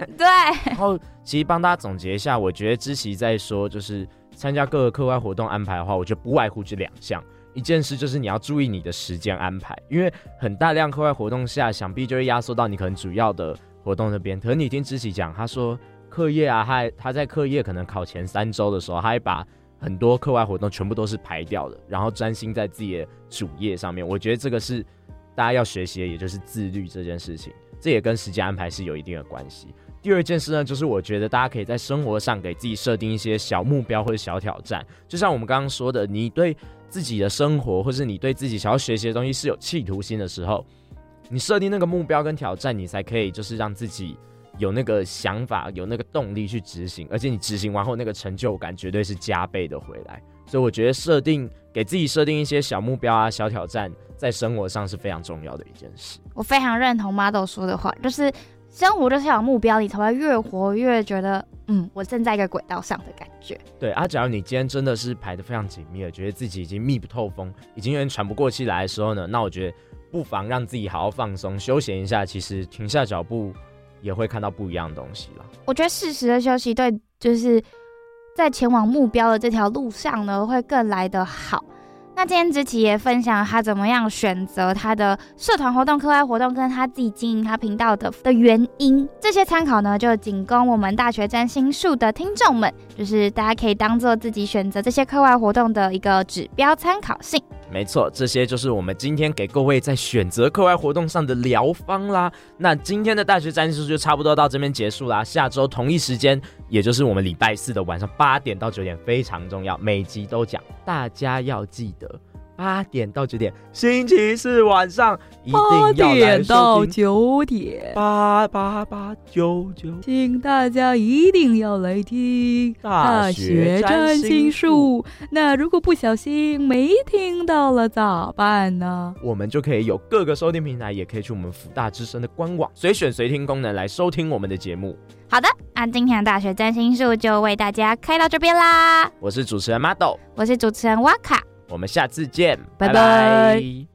Speaker 1: 然後
Speaker 2: 其實幫大家總結一下，我覺得之齊在說就是。參加各個課外活動安排的話，我覺得不外乎這兩項。一件事就是你要注意你的時間安排，因為很大量課外活動下，想必就會壓縮到你可能主要的活動那邊。可能你聽之齊講，他說課業啊，他他在課業可能考前三周的時候，他會把很多課外活動全部都是排掉的，然後專心在自己的主業上面。我覺得這個是大家要學習的，也就是自律這件事情，這也跟時間安排是有一定的關係。第二件事呢，就是我覺得大家可以在生活上給自己設定一些小目標或者小挑戰。就像我們剛剛說的，你對自己的生活或是你對自己想要學習的東西是有企圖心的時候，你設定那個目標跟挑戰，你才可以就是讓自己有那個想法，有那個動力去執行，而且你執行完後那個成就感絕對是加倍的回來。所以我覺得設定給自己設定一些小目標啊、小挑戰，在生活上是非常重要的一件事。
Speaker 1: 我非常認同馬斗說的話，就是。生活就是有目標，你才會越活越覺得，嗯，我正在一個軌道上的感覺。
Speaker 2: 對啊，假如你今天真的是排的非常緊密，覺得自己已經密不透風，已經有點喘不過氣來的時候呢，那我覺得不妨讓自己好好放鬆，休閒一下。其實停下腳步也會看到不一樣的東西了。
Speaker 1: 我覺得適時的休息，對，就是在前往目標的這條路上呢，會更來得好。那今天之齊也分享了他怎麼樣選擇他的社團活動、課外活動，跟他自己經營他頻道的的原因。這些參考呢，就僅供我們大學占心術的聽眾們，就是大家可以當做自己選擇這些課外活動的一個指標參考性。
Speaker 2: 沒錯，這些就是我們今天給各位在選擇課外活動上的療方啦。那今天的大學占心術就差不多到這邊結束啦。下周同一時間，也就是我們禮拜四的晚上八點到九點，非常重要，每集都講，大家要記得。八點到九點，星期四晚上一定要收八點到九收八八八九九，請
Speaker 3: 大家一定要來聽《
Speaker 2: 大學占星術》
Speaker 3: 星。
Speaker 1: 那如果不小心沒聽到了咋辦呢？
Speaker 2: 我們就可以有各個收聽平台，也可以去我們福大之聲的官網，隨選隨聽功能來收聽我們的節目。
Speaker 1: 好的，安今天大學占星術》就為大家開到這邊啦。
Speaker 2: 我是主持人 m o
Speaker 3: 我是主持人 Waka。
Speaker 2: 我們下次見，拜拜。拜拜。